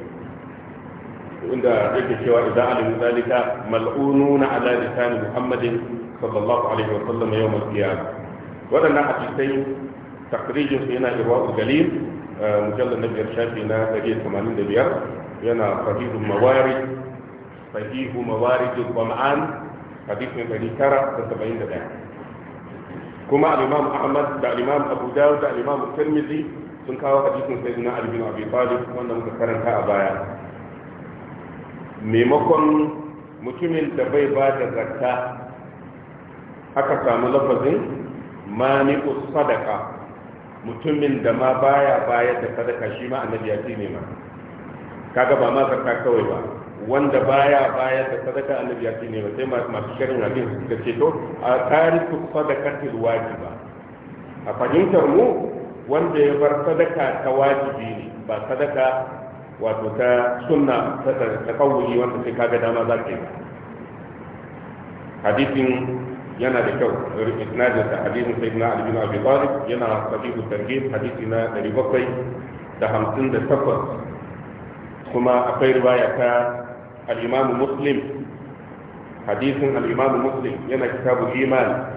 inda yake cewa idan alimu zalika mal'ununa ala lisani muhammadin sallallahu alaihi wa sallam yawmal qiyamah wadannan hadisai takrijin su yana irwa galil eh, mujallal na biyar shafi na 185 yana sahihu mawari sahihu mawari da saba'in da daya kuma al'imam ahmad da al'imam abu da da al'imam imam tirmidhi sun kawo hadisin sai ali bin abu talib wanda muka karanta a baya maimakon mutumin da bai ba da zakka aka samu lafazin mani'u sadaka mutumin da ma baya bayar da sadaka shi ma annabi ya ce ne ma kaga ba ma zakka kawai ba wanda baya baya da sadaka annabi ya ce ne ba sai masu shirin abin da ce to a tariku sadakatul wajiba a fahimtar mu wanda ya bar sadaka ta wajibi ne ba sadaka wato ta sunna ta kawuli wanda sai kaga dama za ka yi hadisin yana da kyau isnadin da hadisin sai na albino abi talib yana sahihu targhib hadisi na 758 kuma akwai riwaya ta al imam muslim hadisin al imam muslim yana kitabu iman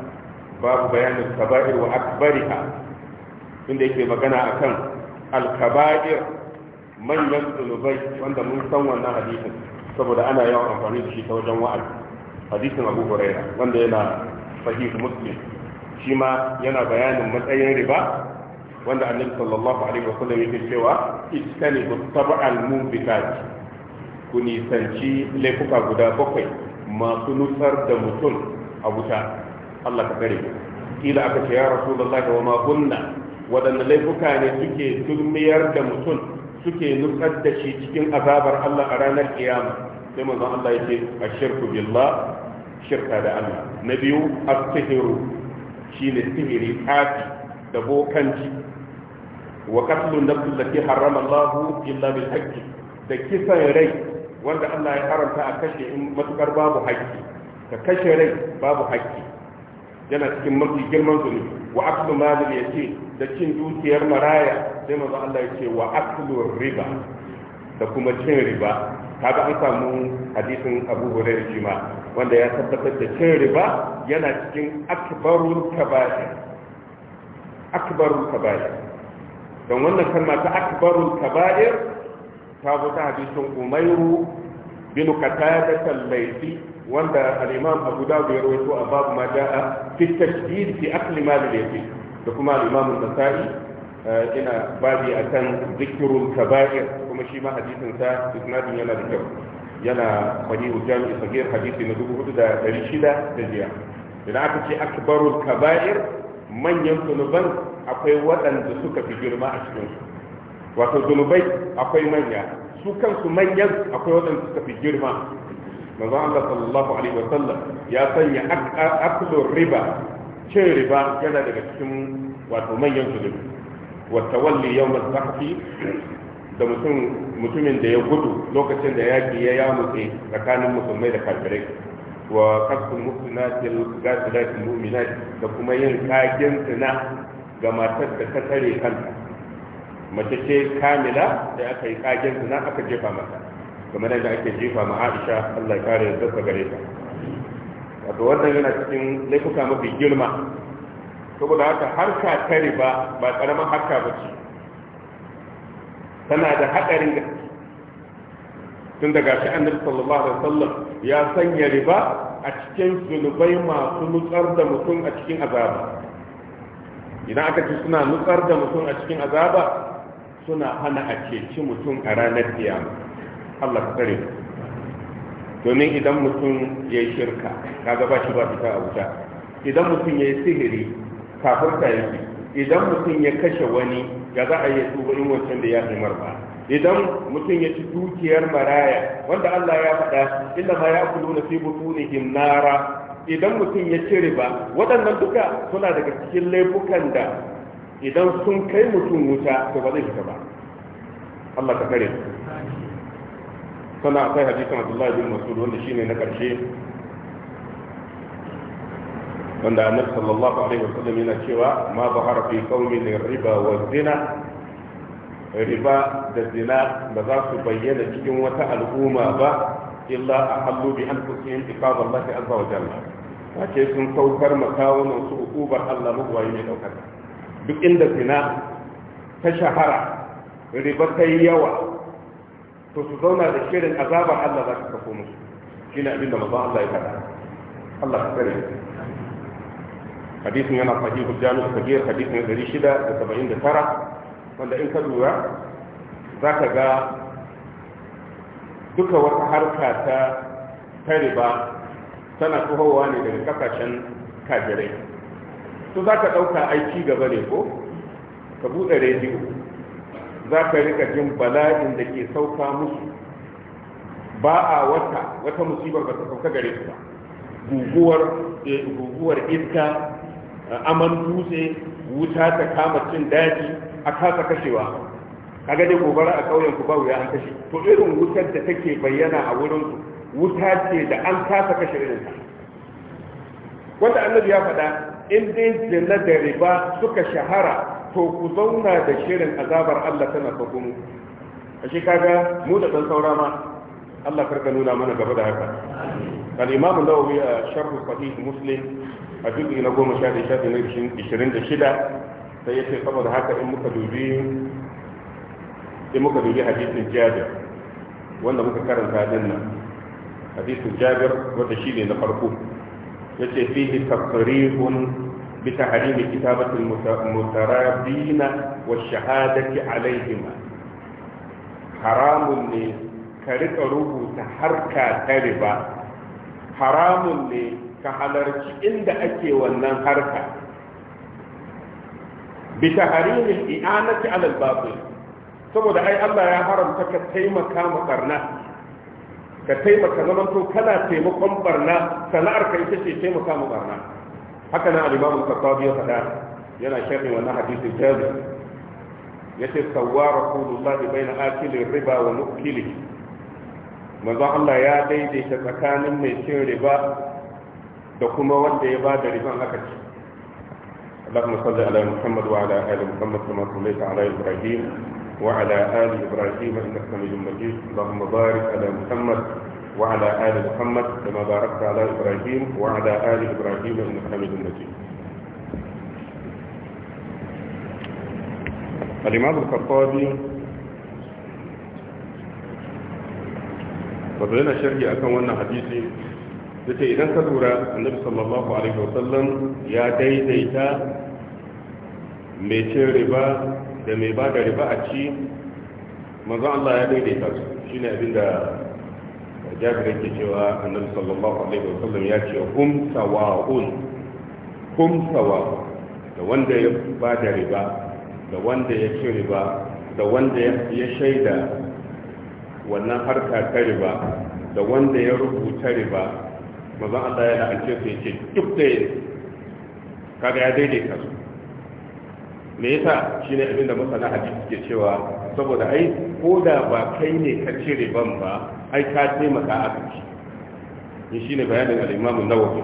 babu bayanin kaba'ir wa akbariha inda yake magana akan al-kaba'ir manyan zunubai wanda mun san wannan hadisin saboda ana yawan amfani da shi ta wajen wa'azi hadisin abu huraira wanda yana sahih muslim shi ma yana bayanin matsayin riba wanda annabi sallallahu alaihi wa sallam yake cewa iskani bu tab'al munbitat ku nisanci laifuka guda bakwai masu nutsar da mutum a wuta Allah ka kare kila aka ce ya rasulullah wa ma kunna wadanne laifuka ne suke turmiyar da mutum suke nutsar da shi cikin azabar Allah a ranar kiyama sai manzon Allah yake ashirku billah shirka da Allah na biyu as-sihru shine sihiri tsafi da bokanci wa qatlun nafsin lati harrama Allah illa bil da kisan rai wanda Allah ya haramta a kashe in matukar babu haƙƙi ka kashe rai babu haƙƙi yana cikin mafi girman zunubi wa aklu malin ya ce da cin dukiyar maraya sai manzo Allah ya ce wa aklu riba da kuma cin riba kaga an samu hadisin Abu Hurairah shi ma wanda ya tabbatar da cin riba yana cikin akbarul kaba'ir akbarul kaba'ir don wannan kalma ta akbarul kaba'ir ta zo ta hadisin umairu bin qatada al-laythi wanda al-imam abu dawud ya rawaito a babu ma da'a fi tashdid fi akli mal al-yatim da kuma al-imam an-nasa'i eh, ina babi akan zikrul kaba'ir kuma shi ma hadisin sa isnadin yana da kyau yana sahihu jami'i sahih hadisi na 4600 da jiya idan aka ce akbarul kaba'ir manyan zunuban akwai waɗanda suka fi girma a cikin su, wato zunubai akwai manya su kansu manyan akwai waɗanda suka fi girma manzo Allah sallallahu alaihi wa sallam ya sanya aklu riba cin riba yana daga cikin wato manyan zunubi wa tawalli yawm al-bahthi da mutum mutumin da ya gudu lokacin da yaki ya yamutse tsakanin musulmai da kafirai wa kasu mutunatil gasilat mu'minat da kuma yin kagen zina ga matar da ta tsare kanta mace ce kamila da aka yi kagen zina aka jefa mata kamar da ake jefa ma Aisha Allah ya kare da ta gare ta wato wannan yana cikin laifuka mafi girma saboda haka harka tare riba ba karaman harka ba ce tana da haɗarin gaske tun daga shi annabi sallallahu alaihi wasallam ya sanya riba a cikin zunubai masu nutsar da mutum a cikin azaba idan aka ce suna nutsar da mutum a cikin azaba suna hana a ceci mutum a ranar kiyama Allah tsare domin idan mutum ya yi shirka ka gaba shi ba fita a wuta idan mutum ya yi sihiri kafin ta fi idan mutum ya kashe wani ya za a yi tuba in wancan da ya fi ba. idan mutum ya ci dukiyar maraya wanda Allah ya faɗa inda ma ya kulu na fi butunihim nara idan mutum ya ci riba waɗannan duka suna daga cikin laifukan da idan sun kai mutum wuta to ba zai fita ba Allah ka kare sana akwai hadisin Abdullahi bin Mas'ud wanda shine na ƙarshe wanda annabi sallallahu alaihi wasallam yana cewa ma bahara fi qaumin riba wa zina riba da zina ba za su bayyana cikin wata al'umma ba illa a hallu bi an kusurin iqab Allah azza wa jalla ce sun saukar makawunan su hukubar Allah mugwayi mai daukar duk inda zina ta shahara riba ta yi yawa to su zauna da shirin azabar Allah za ka kafo musu Shi shine abinda manzon Allah ya faɗa Allah ka kare hadisin yana sahihul jami'u kabir hadisin 679 wanda in ka lura za ka ga duka wata harka ta tare riba tana tuhowa ne daga kasashen kajirai Su za ka ɗauka aiki gaba ne ko ka buɗe rediyo za ka rika jin bala'in da ke sauka musu ba a wata wata musibar ba ta sauka gare su ba guguwar eh, iska eh, aman dutse wuta ta kama cin daji a kasa kashewa a gani gobara a kauyen ku bawu ya an kashe to irin wutar da take bayyana a wurin ku wuta ce da an kasa kashe irin ta wanda annabi ya faɗa in dai jinna da riba suka shahara to ku zauna da shirin azabar Allah tana fago mu shi kaga mu da dan saura ma Allah karka nuna mana gaba da haka kan imam nawawi a sharh fatih muslim a juzu na 10 shafi na 26 sai ya ce saboda haka in muka dubi in muka dubi hadisin jabir wanda muka karanta din nan hadisin jabir wata shi ne na farko ya ce fihi tafsirihun بتحريم كتابة المترابين والشهادة عليهما Haramun ne ka rika rubuta harka ta riba haramun ne ka halarci inda ake wannan harka bi tahrimil i'anati 'ala al-batil saboda ai Allah ya haramta ka taimaka ma barna ka taimaka zaman to kana taimakon barna sana'ar ka ita ce taimaka ma barna haka nan al-imam al-qattabi ya faɗa yana sharhi wannan hadisi jazi yace sawwa rasulullahi baina akili riba wa mukili manzo Allah ya daidaita tsakanin mai cin riba da kuma wanda ya ba da riban اللهم صل على محمد وعلى آل محمد كما صليت على إبراهيم وعلى آل إبراهيم إنك حميد مجيد اللهم بارك على محمد وعلى آل محمد كما باركت على إبراهيم وعلى آل إبراهيم إنك حميد مجيد الإمام الخطابي فضلنا شرحي أكون وانا حديثي da idan ka lura annabi sallallahu alaihi wasallam ya daidaita mai cin riba da mai ba da riba a ci manzon Allah ya daidaita su ne abin da jabir ke cewa annabi sallallahu alaihi wa sallam ya ce kum sawa'un kum sawa'un da wanda ya ba da riba da wanda ya ci riba da wanda ya shaida wannan harka ta riba da wanda ya rubuta riba mazan Allah ya la'ance su ce duk da kaga ya daidaita su me yasa shine abin da masana hadisi ke cewa saboda ai ko da ba kai ne ka cire ban ba ai ka taimaka aka ci ni shine bayanin al-Imam an-Nawawi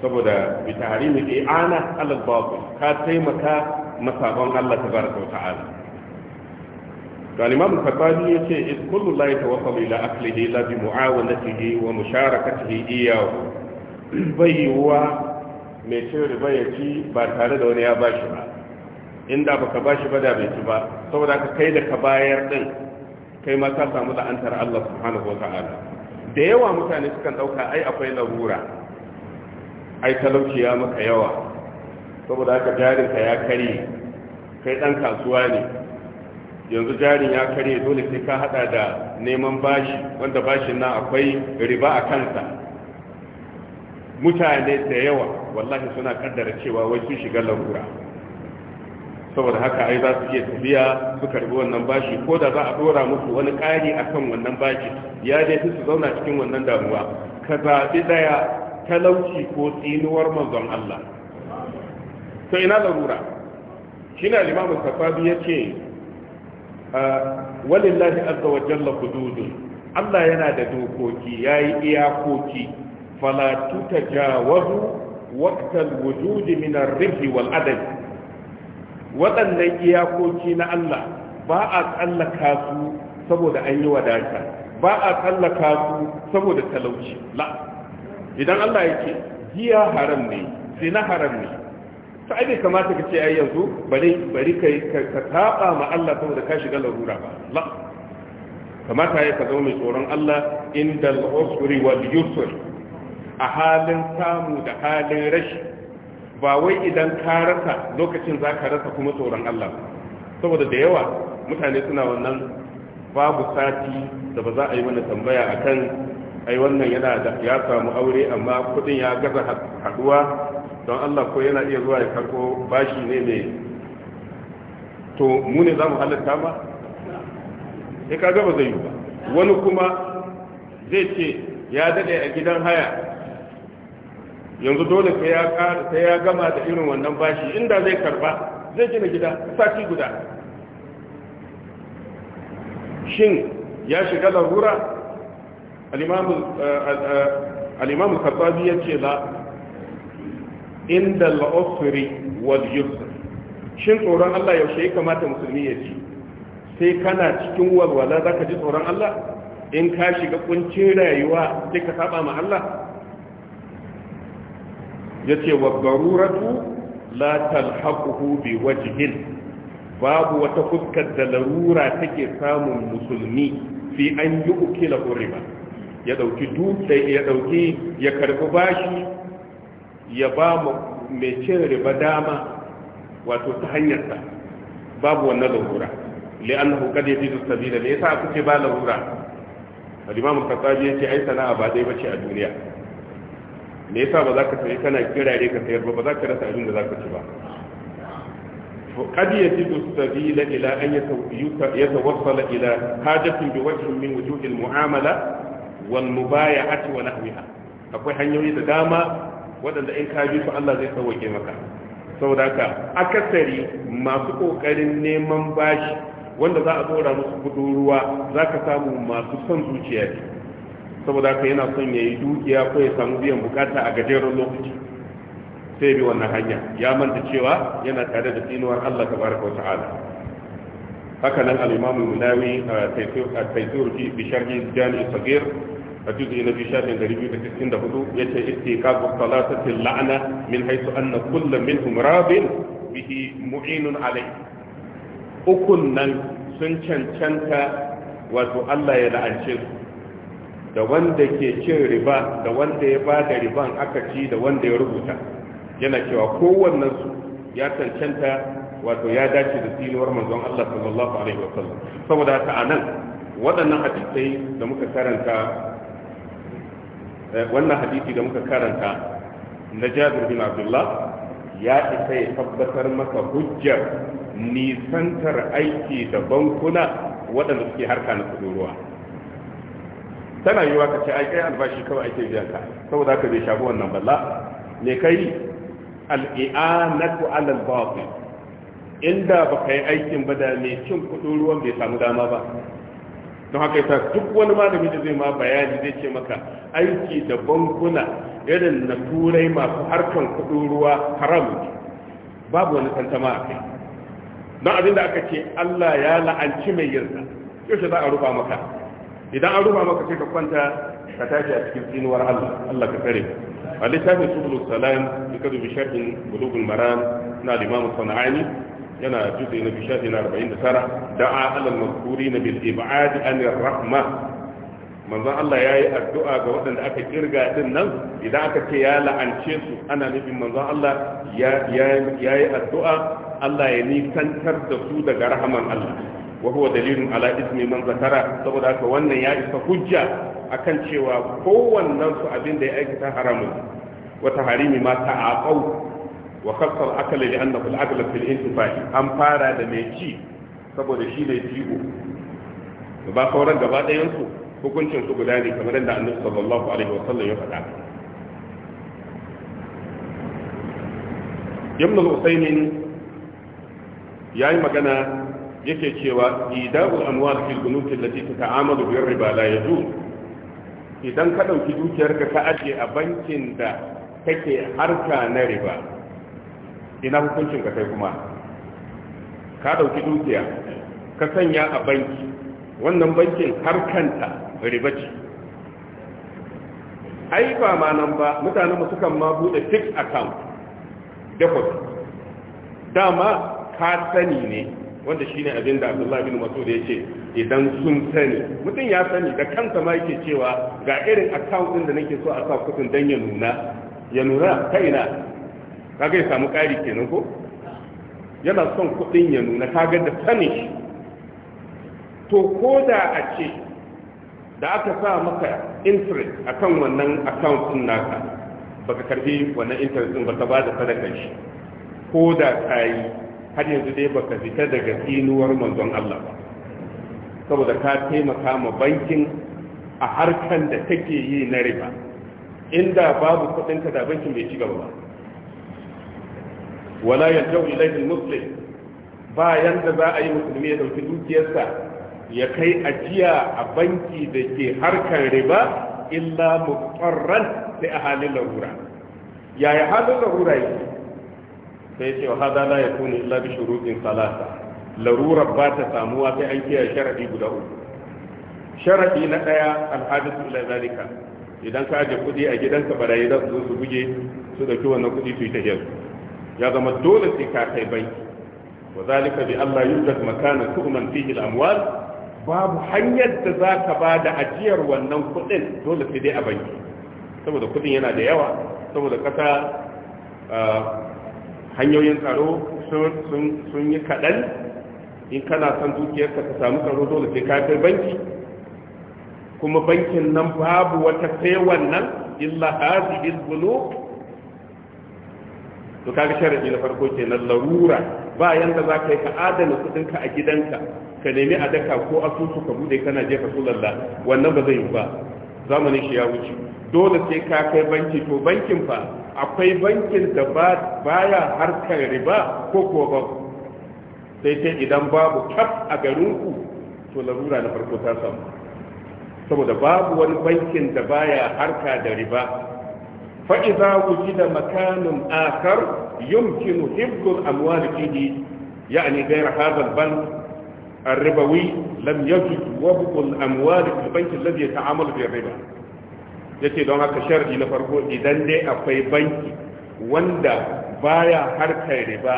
saboda bi tahrimi i'ana ala al-batil ka taimaka masabon Allah tabaraka wa ta'ala to al-Imam al-Fatawi yace in kullu la yatawassalu ila aklihi la bi mu'awanatihi wa musharakatihi iyyahu bayyuwa mai cin riba ya ci ba tare da wani ya ba shi ba inda baka bashi ba da bai ci ba saboda ka kai da ka bayar din kai ma ka samu la'antar Allah subhanahu wata'ala da yawa mutane sukan ɗauka ai akwai larura ai talauci ya maka yawa saboda haka jarin ka ya kare kai dan kasuwa ne yanzu jarin ya kare dole sai ka hada da neman bashi wanda bashin na akwai riba a kansa mutane da yawa wallahi suna kaddara cewa wai sun shiga larura saboda haka ai za su iya tafiya su karbi wannan bashi ko da za a dora musu wani ƙari akan wannan bashi ya dai su zauna cikin wannan damuwa ka zaɓi ɗaya talauci ko tsinuwar manzon Allah to ina larura shi ne alimamu safabi ya ce ah, walillahi azza wa jalla hududun Allah yana da dokoki ya yi iyakoki fala tutajawazu waqtal wujudi min ar-rifq wal adab waɗannan iyakoki na Allah ba a tsallaka su saboda an yi wadata ba a tsallaka su saboda talauci la idan Allah yake giya haram ne zina haram ne ta ai bai kamata ka ce ai yanzu bari bari kai ka taba ma Allah saboda ka shiga larura ba la kamata ya ka zo mai tsoron Allah indal usri wal yusr a halin samu da halin rashi ba wai idan ka rasa lokacin za ka rasa kuma tsoron Allah saboda da yawa mutane suna wannan babu sati da ba za a yi mana tambaya a kan ai wannan yana da ya samu aure amma kudin ya gaza haduwa don Allah ko yana iya zuwa ya karko bashi ne ne to mu ne za mu halatta ba sai ka gaba zai yi ba wani kuma zai ce ya dade a gidan haya yanzu dole sai ya sai ya gama da irin wannan bashi inda zai karba zai gina gida sati guda shin ya shiga larura al-imam eh, eh, al-khattabi yace la inda al-usri wal yusr shin tsoron Allah yaushe ya kamata musulmi ya ji sai kana cikin walwala zaka ji tsoron Allah in ka shiga kuncin rayuwa sai ka saba ma Allah yace wa daruratu la talhaquhu bi wajhin babu wata fuskar da larura take samun musulmi fi an yi ukila riba ya dauki dutse ya dauki ya karbi bashi ya ba mu mai cin riba dama wato ta hanyarsa babu wannan larura li'annahu qad yajidu sabila me yasa kuke ba larura al-imam al-qasabi yace ai sana'a ba dai bace a duniya me yasa ba za ka sayi kana kirare ka sayar ba ba za ka rasa abin da za ka ci ba قد يجد السبيل ila أن bi إلى min wujuhil mu'amala wal المعاملة wa nahwiha akwai hanyoyi da dama waɗanda in ka bi su Allah zai sauke maka saboda haka akasari masu ƙoƙarin neman bashi wanda za a tsora musu kudin ruwa za ka samu masu son zuciya ne saboda haka yana son ya yi dukiya ko ya samu biyan bukata a gajeren lokaci sai bi wannan hanya ya manta cewa yana tare da tsinuwar Allah tabaraka wa ta'ala haka nan al munawi a taizur fi bi sharhi jani sagir a juzi na bishafin gari biyu da cikin da hudu ya ce ka istiqabu salatatin la'ana min haisu anna kullum minhum rabin bihi mu'inun alai ukun nan sun cancanta wato Allah ya la'ance su da wanda ke cin riba da wanda ya ba da riban aka ci da wanda ya rubuta yana cewa kowannen su ya cancanta wato ya dace da tsinuwar manzon Allah sallallahu alaihi wasallam saboda ta anan waɗannan hadisai da muka karanta eh, wannan hadisi da muka karanta na Jabir bin Abdullah ya isa ya tabbatar maka hujjar nisantar aiki da bankuna waɗanda suke harka na kudin tana yiwa ka ce ai albashi kawai ake biyan ka saboda ka bai shafi wannan balla me kai al-i'anatu 'ala al-batil inda baka yi aikin ba da ne cin kudin ruwan bai samu dama ba don haka yasa duk wani malami da zai ma bayani zai ce maka aiki da bankuna irin na turai masu harkan kudin ruwa haram babu wani tantama a kai don abin da aka ce Allah ya la'anci mai yinsa yau za a rufa maka idan an ruba maka sai ka kwanta ka tashi a cikin tsinuwar Allah Allah ka kare a littafin subulus salam duka dubi sharhin bulugul maram na limamu sana'ani yana juzi na bishafi na 49 da'a alal mazkuri na bil ibad an rahma manzon Allah yayi addu'a ga waɗanda aka kirga din nan idan aka ce ya la'ance su ana nufin manzon Allah ya yayi addu'a Allah ya nisantar da su daga rahaman Allah wa huwa dalilun ala ismi man zakara saboda haka wannan ya isa hujja akan cewa kowannen su abin da ya aikata haramun Wata Harimi ma ta ta'aqaw wa khassa al-akl li annahu al-akl fil intifa'i an fara da mai ci saboda shi ne jigo ba sauran gaba ɗayan su hukuncin su guda ne kamar yadda annabi sallallahu alaihi wasallam ya faɗa ibn al-usaymin yayi magana yake cewa idabu amwal fil bunut allati tata'amalu bir riba la yajuz idan ka dauki dukiyarka ka aje a bankin da kake harka na riba ina hukuncin ka kai kuma ka dauki dukiya ka sanya a banki wannan bankin ta, riba ce ai ba ma nan ba mutanen mu sukan ma bude fixed account deposit dama ka sani ne wanda shi ne abin da Abdullahi bin Mas'ud ya ce idan sun sani mutum ya sani da kansa ma yake cewa ga irin account din da nake so a sa kudin dan ya nuna ya nuna kaina kaga ya samu ƙari kenan ko yana son kudin ya nuna kaga da sani to ko da a ce da aka sa maka interest akan wannan account din naka baka karbi wannan interest din ba ta ba da sadakar shi ko da ka har yanzu dai baka fita daga tsinuwar manzon Allah ba saboda ka taimaka ma bankin a harkan da take yi na riba inda babu ka da bankin bai ci gaba ba wala yanzu ilaihi muslim ba yanda za a yi musulmi ya dauki dukiyarsa ya kai ajiya a banki da ke harkar riba illa mutsarran sai a halin larura yaya halin larura yake sai ce wa hada la yakunu illa bi shurutin salasa larurar ba ta samuwa sai an kiyaye sharadi guda uku sharadi na daya alhadithu ila zalika idan ka aje kudi a gidanka barayi za su su buge su dauki wannan kudi su yi ta ya zama dole sai ka kai banki wa zalika bi Allah yujad makana tu'man fihi al-amwal babu hanyar da za ka ba da ajiyar wannan kudin dole sai dai a banki saboda kudin yana da yawa saboda kasa ah, hanyoyin tsaro sun yi kaɗan in kana son dukiyarka ka samu tsaro dole sai ka banki kuma bankin nan babu wata sai wannan illa bil bulu to kaga sharadi na farko ke na larura ba yanda za ka yi ka adana kudinka a gidanka ka nemi a daka ko asusu ka bude kana jefa sulalla wannan ba zai yi ba zamanin shi ya wuce dole sai ka kai banki to bankin fa akwai bankin da baya harkar riba ko kuwa sai sai idan babu cap a garinku to larura na farko ta samu saboda babu wani bankin da baya harka da riba fa'iza wujida makanin akar yumkinu hibdul amwali fihi ya'ani gairar hadal bank الربوي لم يجد وبق الأموال في البنك الذي يتعامل بالربا yace don haka sharadi na farko idan dai akwai banki wanda baya harkar riba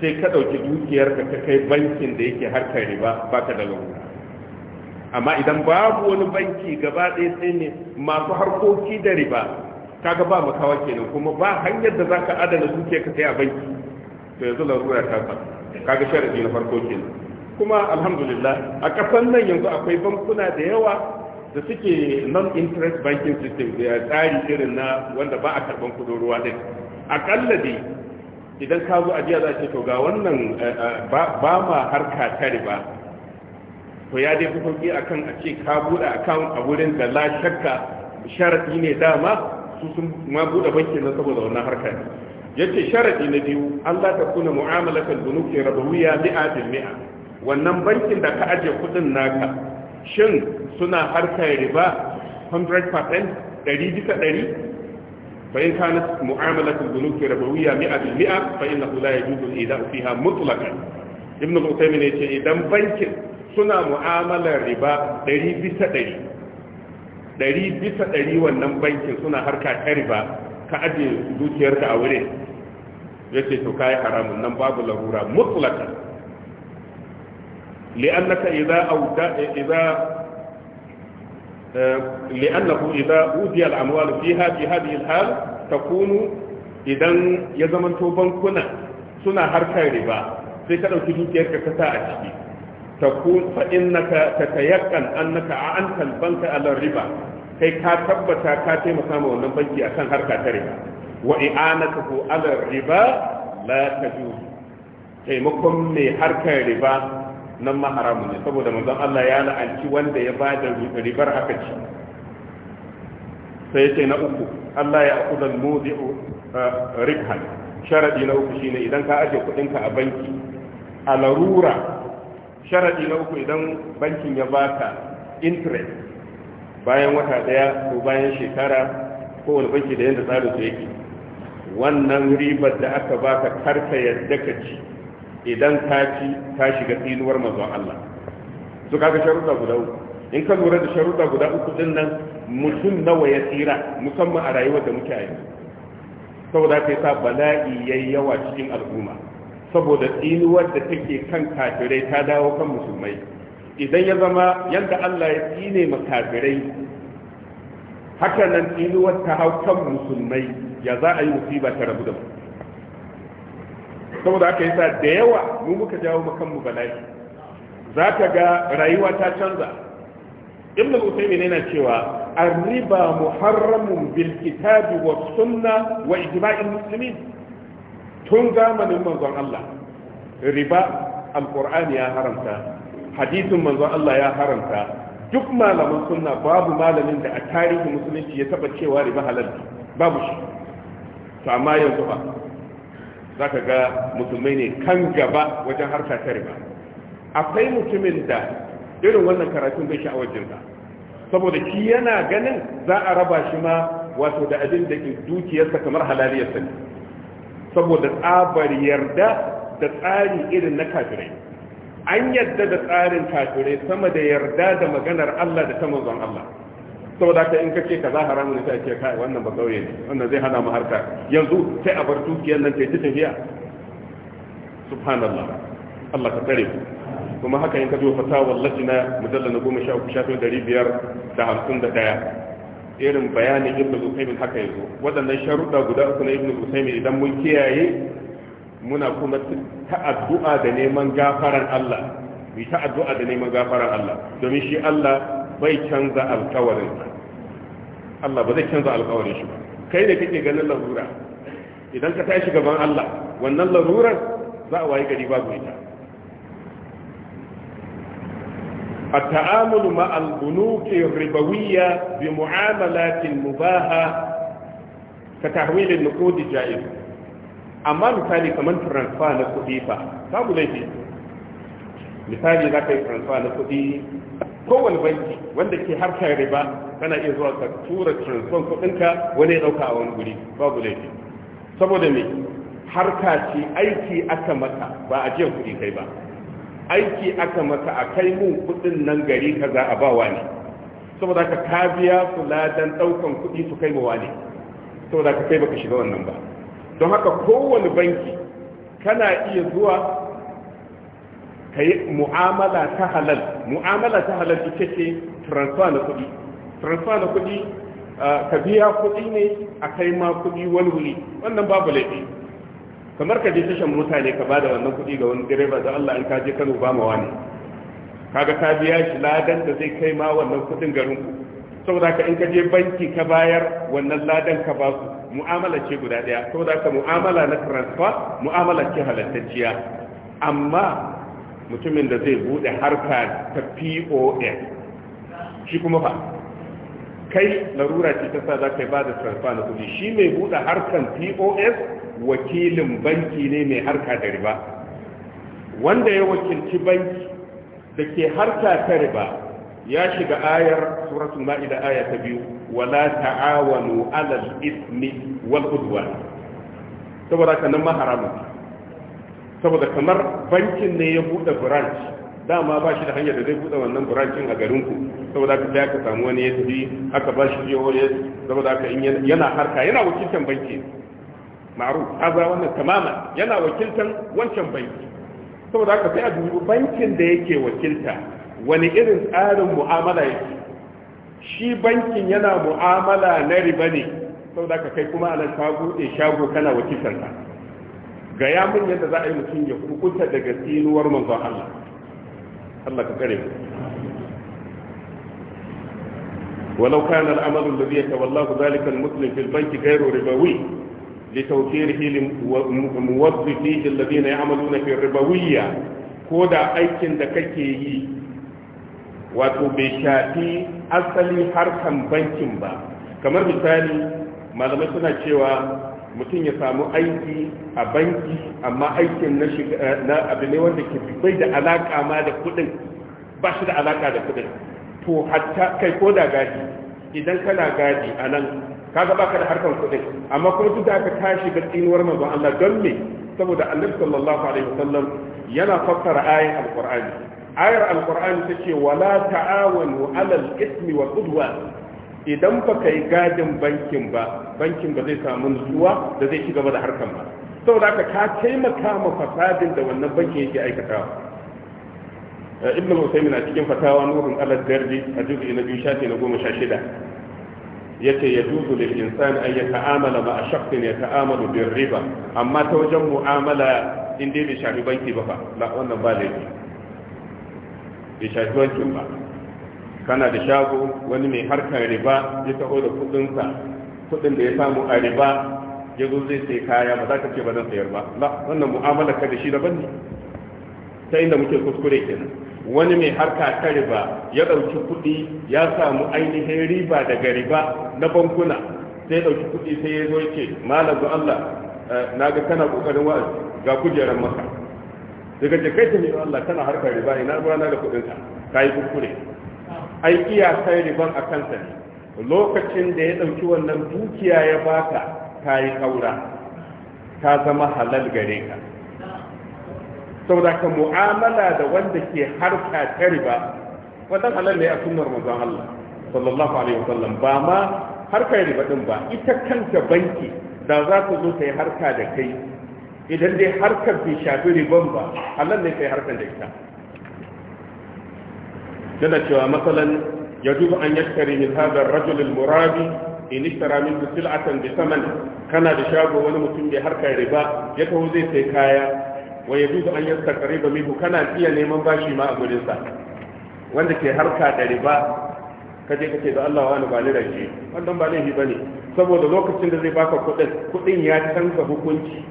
sai ka ɗauki dukiyar ka ta kai bankin da yake harkar riba ka daga lalura amma idan babu wani banki gaba ɗaya sai ne masu harkoki da riba kaga ba makawa kenan kuma ba hanyar da zaka adana dukiyar ka sai a banki to yanzu lalura ta fa kaga sharadi na farko kenan kuma alhamdulillah a kasan nan yanzu akwai bankuna da yawa da suke non-interest banking system da tsari irin na wanda ba a karban kudin ruwa din akalla dai idan ka zo ajiya za ce to ga wannan ba ma harka ta riba to ya dai fi a akan a ce ka buɗe account a wurin da la shakka sharadi ne dama su sun ma buɗe banki na saboda wannan harka ne yace sharadi na biyu Allah ta kuna mu'amalatul bunuki rabawiyya mi'a bil mi'a wannan bankin da ka aje kudin naka shin suna harkar riba 100% ɗari bisa ɗari fa in kana mu'amalatul bunuki rabawiyya mi'a bil mi'a fa innahu la yajuzu al-ida'u fiha mutlaqan ibn al-utaymin yace idan bankin suna mu'amalar riba ɗari bisa ɗari ɗari bisa ɗari wannan bankin suna harka ta riba ka ajiye dukiyarka a wurin yace to kai haramun nan babu larura mutlaqan li'annaka idza awda idza Eh, li'annahu idza udiya al-amwal idan ya zamanto bankuna suna harkar riba sai ka ɗauki dukiyar ka kasa a ciki takun fa innaka tatayakkan annaka a'anta al-banka ala riba kai ka tabbata ka taimaka ma wannan banki akan harka la taimakon mai harkar riba nan ma haramu ne saboda manzon Allah ya la'anci wanda ya ba da ribar aka ci sai ce na uku Allah ya akudan mudhiu uh, rikhan sharadi na uku shine idan ka aje ka a banki a larura sharadi na uku idan bankin ya baka interest bayan wata daya ko bayan shekara ko wani banki da yadda tsari su yake wannan ribar da aka baka karka yadda ka ci idan ka ci ka shiga tsinuwar mazan Allah su kaga sharuɗa guda uku in ka lura da sharuɗa guda uku din nan mutum nawa ya tsira musamman a rayuwar da muke yi saboda ka sa bala'i yayi yawa cikin al'umma saboda tsinuwar da take kan kafirai ta dawo kan musulmai idan ya zama yadda Allah ya tsine ma kafirai haka nan tsinuwar ta hau kan musulmai ya za a yi musiba ta rabu da mu saboda yi sa da yawa mu muka jawo mu kanmu bala'i za ka ga rayuwa ta canza ibn al-usaymin yana cewa arriba muharramun bil kitabi wa sunna wa ijma'il muslimin tun zamanin manzon Allah riba alqur'ani ya haramta hadisin manzon Allah ya haramta duk malaman sunna babu malamin da a tarihin musulunci ya taba cewa riba halal babu shi to amma yanzu ba za ka ga musulmai ne kan gaba wajen harka ta riba akwai mutumin da irin wannan karatun bai sha'awar jinta. saboda shi yana ganin za a raba shi ma wato da abin da ke dukiyarsa kamar halaliyarsa ne saboda tsabar yarda da tsari irin na kafirai an yarda da tsarin kafirai sama da yarda da maganar Allah da ta manzon Allah saboda ka in kace kaza haramu ne sai ce kai wannan ba kauye ne wannan zai hana mu harka yanzu sai a bar dukiyar nan sai ta tafiya subhanallah Allah ka tare ku kuma haka in ka zo fatawa lajina mujalla na goma sha uku shafin dari biyar da hamsin da daya irin bayanin ibn Usaimin haka yanzu wadannan sharuɗa guda uku na ibn Usaimin idan mun kiyaye muna kuma ta addu'a da neman gafaran Allah mu addu'a da neman gafaran Allah domin shi Allah bai canza alkawarin Allah ba zai canza alkawarin shi ba kai da kake ganin larura idan ka tashi gaban Allah wannan larurar za a wayi gari babu ita التعامل مع البنوك الربوية بمعاملات مباحة كتحويل النقود جائز أما مثالي كمان ترانسفا نقودي فا تابو مثالي ذاك ترانسفا نقودي kowane banki wanda ke harkar riba kana iya zuwa ka tura transfer kuɗinka wani ya ɗauka a wani guri babu laifi saboda me harka ce aiki aka maka ba a jiyan kuɗi kai ba aiki aka maka a kai mu kuɗin nan gari ka za a ba ne saboda ka ka biya kula dan ɗaukan kuɗi su kai mawa ne saboda ka kai baka shiga wannan ba don haka kowane banki kana iya zuwa ka yi mu'amala ta halal mu'amala ta halal ita ce transfer na kuɗi transfer na kuɗi ka biya kuɗi ne a kai ma kuɗi wani wuri wannan babu laifi kamar ka je tashan mota ne ka ba da wannan kuɗi ga wani direba da Allah in ka je Kano ba ma wani. kaga ka biya shi ladan da zai kai ma wannan kuɗin garin ku saboda ka in ka je banki ka bayar wannan ladan ka ba su mu'amala ce guda ɗaya saboda ka mu'amala na transfer mu'amala ce halattacciya amma mutumin da zai bude harka ta pos shi kuma fa kai larura ce ta sa za ka yi ba da transfer na kudi shi mai bude harkan pos wakilin banki ne mai harka da riba wanda ya wakilci banki da ke harka ta riba ya shiga ayar suratul ma'ida aya ta biyu wala ta'awanu alal ismi wal udwan saboda haka maharamun. saboda kamar bankin ne ya buɗe branch dama ba shi da hanyar da zai buɗe wannan branchin a garinku saboda aka sai aka samu wani ya tafi aka ba shi jihohi saboda aka in yana harka yana wakiltan banki ma'ruf haza wannan tamama yana wakiltan wancan banki saboda aka sai a dubi bankin da yake wakilta wani irin tsarin mu'amala yake shi bankin yana mu'amala na riba ne saboda aka kai kuma a nan shago kana wakiltan wakiltansa ga ya mun yadda za a yi mutum ya kukuta daga tsinuwar manzon Allah Allah ka kare mu ولو كان العمل الذي يتولاه ذلك المسلم في البنك غير ربوي لتوفيره لموظفيه الذين يعملون في الربوية كودا أيكن yi wato bai shafi asali harkan bankin ba kamar misali malamai suna cewa mutum ya samu aiki a banki amma aikin na eh, na abu ne wanda ke bai da alaka ma da kudin ba shi da alaka da kudin to hatta kai ko da gadi idan kana gadi a nan ka gaba baka da harkan kudin amma kuma duk da aka tashi ga tsinuwar manzon Allah don me saboda Annabi sallallahu alaihi wasallam yana fassara ayin alqur'ani ayar alqur'ani tace wala ta'awanu alal ismi wal udwan idan ba ka yi gadin bankin ba bankin ba zai samu nutsuwa da zai ci gaba da harkan ba saboda ka ka taimaka ma fasadin da wannan bankin yake aikatawa eh, ibn al-usaymin a cikin fatawa nurun alad darbi a juzu'i na biyu shafi na goma sha shida yace ya juzu lil insan an yata'amala ma shakhsin yata'amalu bir riba amma ta wajen mu'amala in dai bai shafi banki ba fa la wannan ba laifi bai shafi bankin ba kana da shago wani mai harkar riba ya taho da kudinsa kudin da ya samu a riba ya zo zai sai kaya ba za ka ce ba zan sayar ba la wannan mu'amala ka da shi daban ne ta inda muke kuskure kenan wani mai harka ta riba ya ɗauki kuɗi ya samu ainihin riba daga riba na bankuna sai ɗauki kuɗi sai ya zo ya ce malam ga Allah eh, na ga kana ƙoƙarin wa'azi ga kujerar maka daga ce yi ta Allah kana harkar riba ina ruwa na da kuɗinka ka yi kuskure ai iyakar riban a kansa ne lokacin da ya ɗauki wannan dukiya ya baka ka yi ka zama halal gare ka saboda ka mu'amala da wanda ke harka ta riba wannan halal ne a sunnar manzon Allah sallallahu alaihi wasallam ba ma harkar riba din ba ita kanta banki da za ta zo ta yi harka da kai idan dai harkar bai shafi riban ba halal ne kai harkar da ita yana cewa masalan ya duba an yaskari min hadar rajulil murabi in ishtara min sil'atan bi saman kana da shago wani mutum bai harkar riba ya taho zai sai kaya wa ya duba an yaskari ba mihu kana iya neman bashi ma a gurin sa wanda ke harka da riba je kace da Allah wani ba ni rage wannan ba laifi bane saboda lokacin da zai baka kuɗin kuɗin ya canza hukunci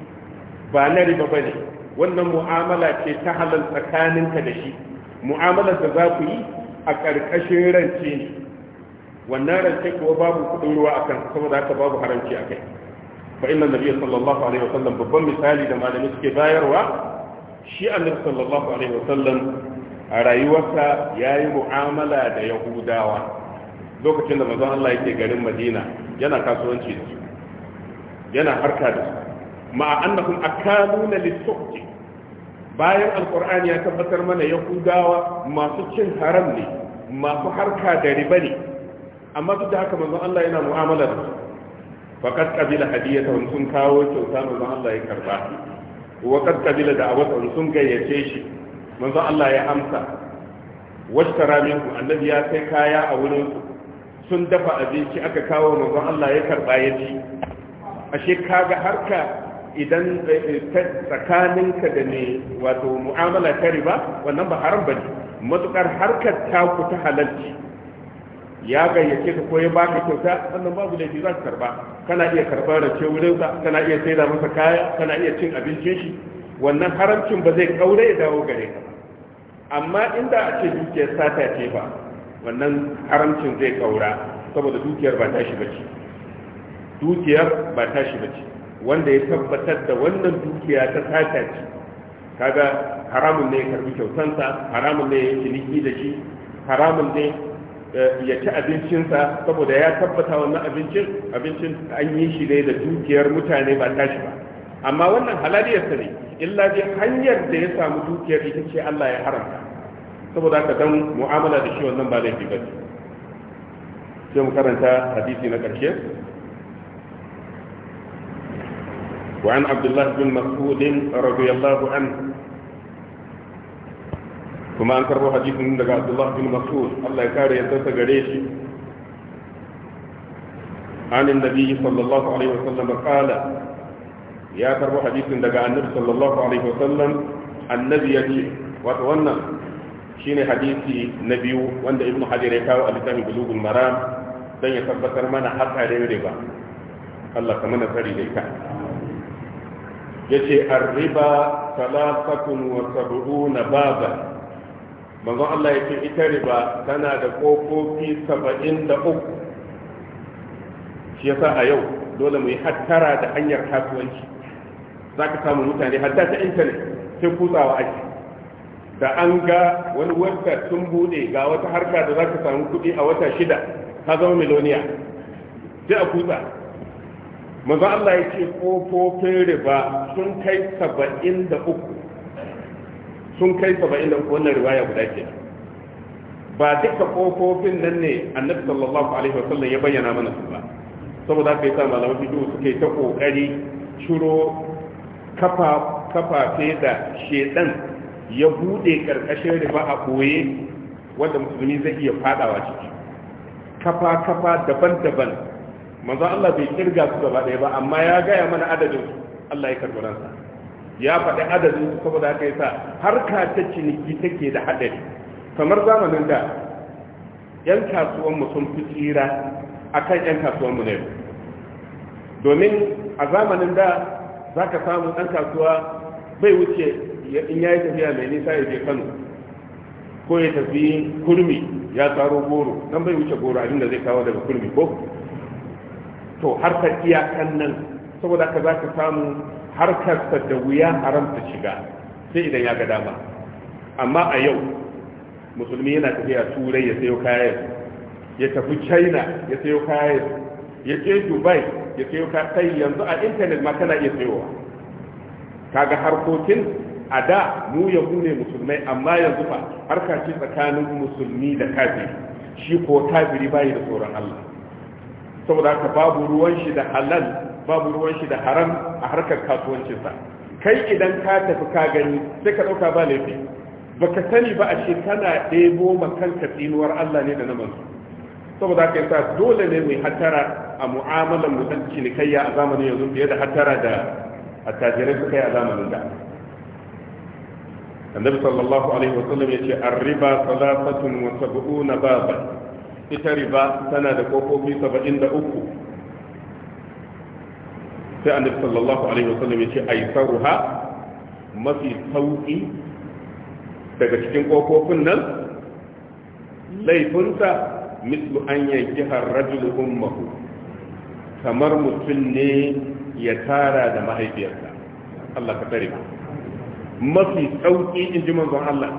ba na riba bane wannan mu'amala ce ta halal tsakaninka da shi mu'amalar da za ku yi a ƙarƙashin rance ne wannan rance kuwa babu kuɗin ruwa a kan saboda haka babu haramci a kai fa inna nabiyyi sallallahu alaihi wa sallam babban misali da malamai suke bayarwa shi annabi sallallahu alaihi wa sallam a rayuwarsa yayi mu'amala da yahudawa lokacin da manzon Allah yake garin Madina yana kasuwanci da su yana harka da su ma'a annahum akaluna lis-suhti bayan alkur'an ya tabbatar mana yahudawa masu cin haram ne masu harka da riba ne amma duk da haka manzon Allah yana mu'amalar da su faqad qabila wa sun kawo kyauta manzon Allah ya karba wa qad qabila da'awatan sun gayyace shi manzon Allah ya amsa washtara minku annabi ya kai kaya a wurin su sun dafa abinci aka kawo manzon Allah ya karba ya ci ashe kaga harka idan eh, eh, tsakaninka da ne wato mu'amala ta riba wannan ba haram bane matukar harkar ta ku ta halalci ya gayyace ka ko ya baka kyauta wannan babu laifi za ka karba kana iya da ce wurin sa kana iya saida masa kaya kana iya cin abincin shi wannan haramcin ba zai kaure ya dawo gare ka amma inda a ce dukiyar sata ce ba wannan haramcin zai kaura saboda dukiyar ba ta shi bace dukiyar ba ta shi bace wanda ya tabbatar da wannan dukiya ta sata ce kaga haramun ne ya karbi kyautansa haramun ne ya ciniki da shi haramun ne eh, ya ci abincinsa saboda ya tabbata wannan abincin abincin an yi shi ne da dukiyar mutane ba tashi ba amma wannan halaliyarsa ne illa dai hanyar da ya samu dukiyar ita ce Allah ya haramta saboda haka dan mu'amala da shi wannan ba laifi ba sai mu karanta hadisi na ƙarshe وعن عبد الله بن مسعود رضي الله عنه كما أنكر حديث من عبد الله بن مسعود الله يكار يدرس عن النبي صلى الله عليه وسلم قال يا كربو حديث من النبي صلى الله عليه وسلم النبي يجي وتوانا شين حديثي نبي وان ابن حجر يكاو الإسلام بلوغ المرام دن يثبت منا حتى ريبا الله كمان فريد يكاو yace arriba talafatun wa sab'una baba manzo Allah yace ita riba tana da kofofi 73 shi yasa a yau dole mu yi hattara da hanyar kasuwanci zaka samu mutane hatta ta internet sai kutsawa aiki. da an ga wani wata sun bude ga wata harka da zaka samu kuɗi a wata shida ka zama miloniya sai a kutsa Maza Allah ya ce kofofin riba sun kai saba'in da uku sun kai saba'in da uku wannan riwaya guda ke ba duka kofofin nan ne annabi sallallahu alaihi wasallam ya bayyana mana su ba saboda haka yasa malaman fiqh suke ta kokari shiro kafa kafafe da shedan ya bude karkashin riba a koye wanda musulmi zai iya fadawa ciki kafa kafa daban-daban manzo Allah bai kirga su gaba ɗaya ba amma ya gaya mana adadin Allah ya karɓi ransa ya faɗi adadin su saboda haka yasa harka ta ciniki take da haɗari kamar zamanin da yan kasuwanmu sun fi tsira akan yan kasuwanmu na domin a zamanin da za ka samu ɗan kasuwa bai wuce in ya yi tafiya mai nisa ya je kano ko ya tafi kurmi ya taro goro nan bai wuce goro abin da zai kawo daga kurmi ko to harkar iyakan nan saboda ka za ka samu harkarsa da wuya haramta shiga sai idan ya ga dama amma a yau musulmi yana tafiya turai ya sayo kayan ya tafi china ya sayo kayan ya je dubai ya sayo kayan yanzu a intanet ma kana iya sayowa kaga harkokin a da mu yahu ne musulmai amma yanzu fa harka ce tsakanin musulmi da kafiri shi ko kafiri bayi da tsoron allah saboda haka babu ruwan shi da halal babu ruwan shi da haram a harkar kasuwancinsa kai idan ka tafi ka gani sai ka ɗauka ba laifi baka sani ba a ce kana ɗebo kanka tsinuwar Allah ne da na manzo saboda haka yasa dole ne mu hatara a mu'amalar mu dan cinikayya a zamanin yanzu fiye da hatara da attajirai suka yi a zamanin da annabi sallallahu alaihi wasallam yace ar-riba salasatun wa na baban ita riba tana da kofofi uku. sai annabi sallallahu alaihi wasallam ya ce aisaruha mafi sauƙi daga cikin kofofin nan laifinsa mislu an yanki harajin ummahu kamar mutum ne ya tara da mahaifiyarsa Allah ka tare mafi sauki in ji manzon Allah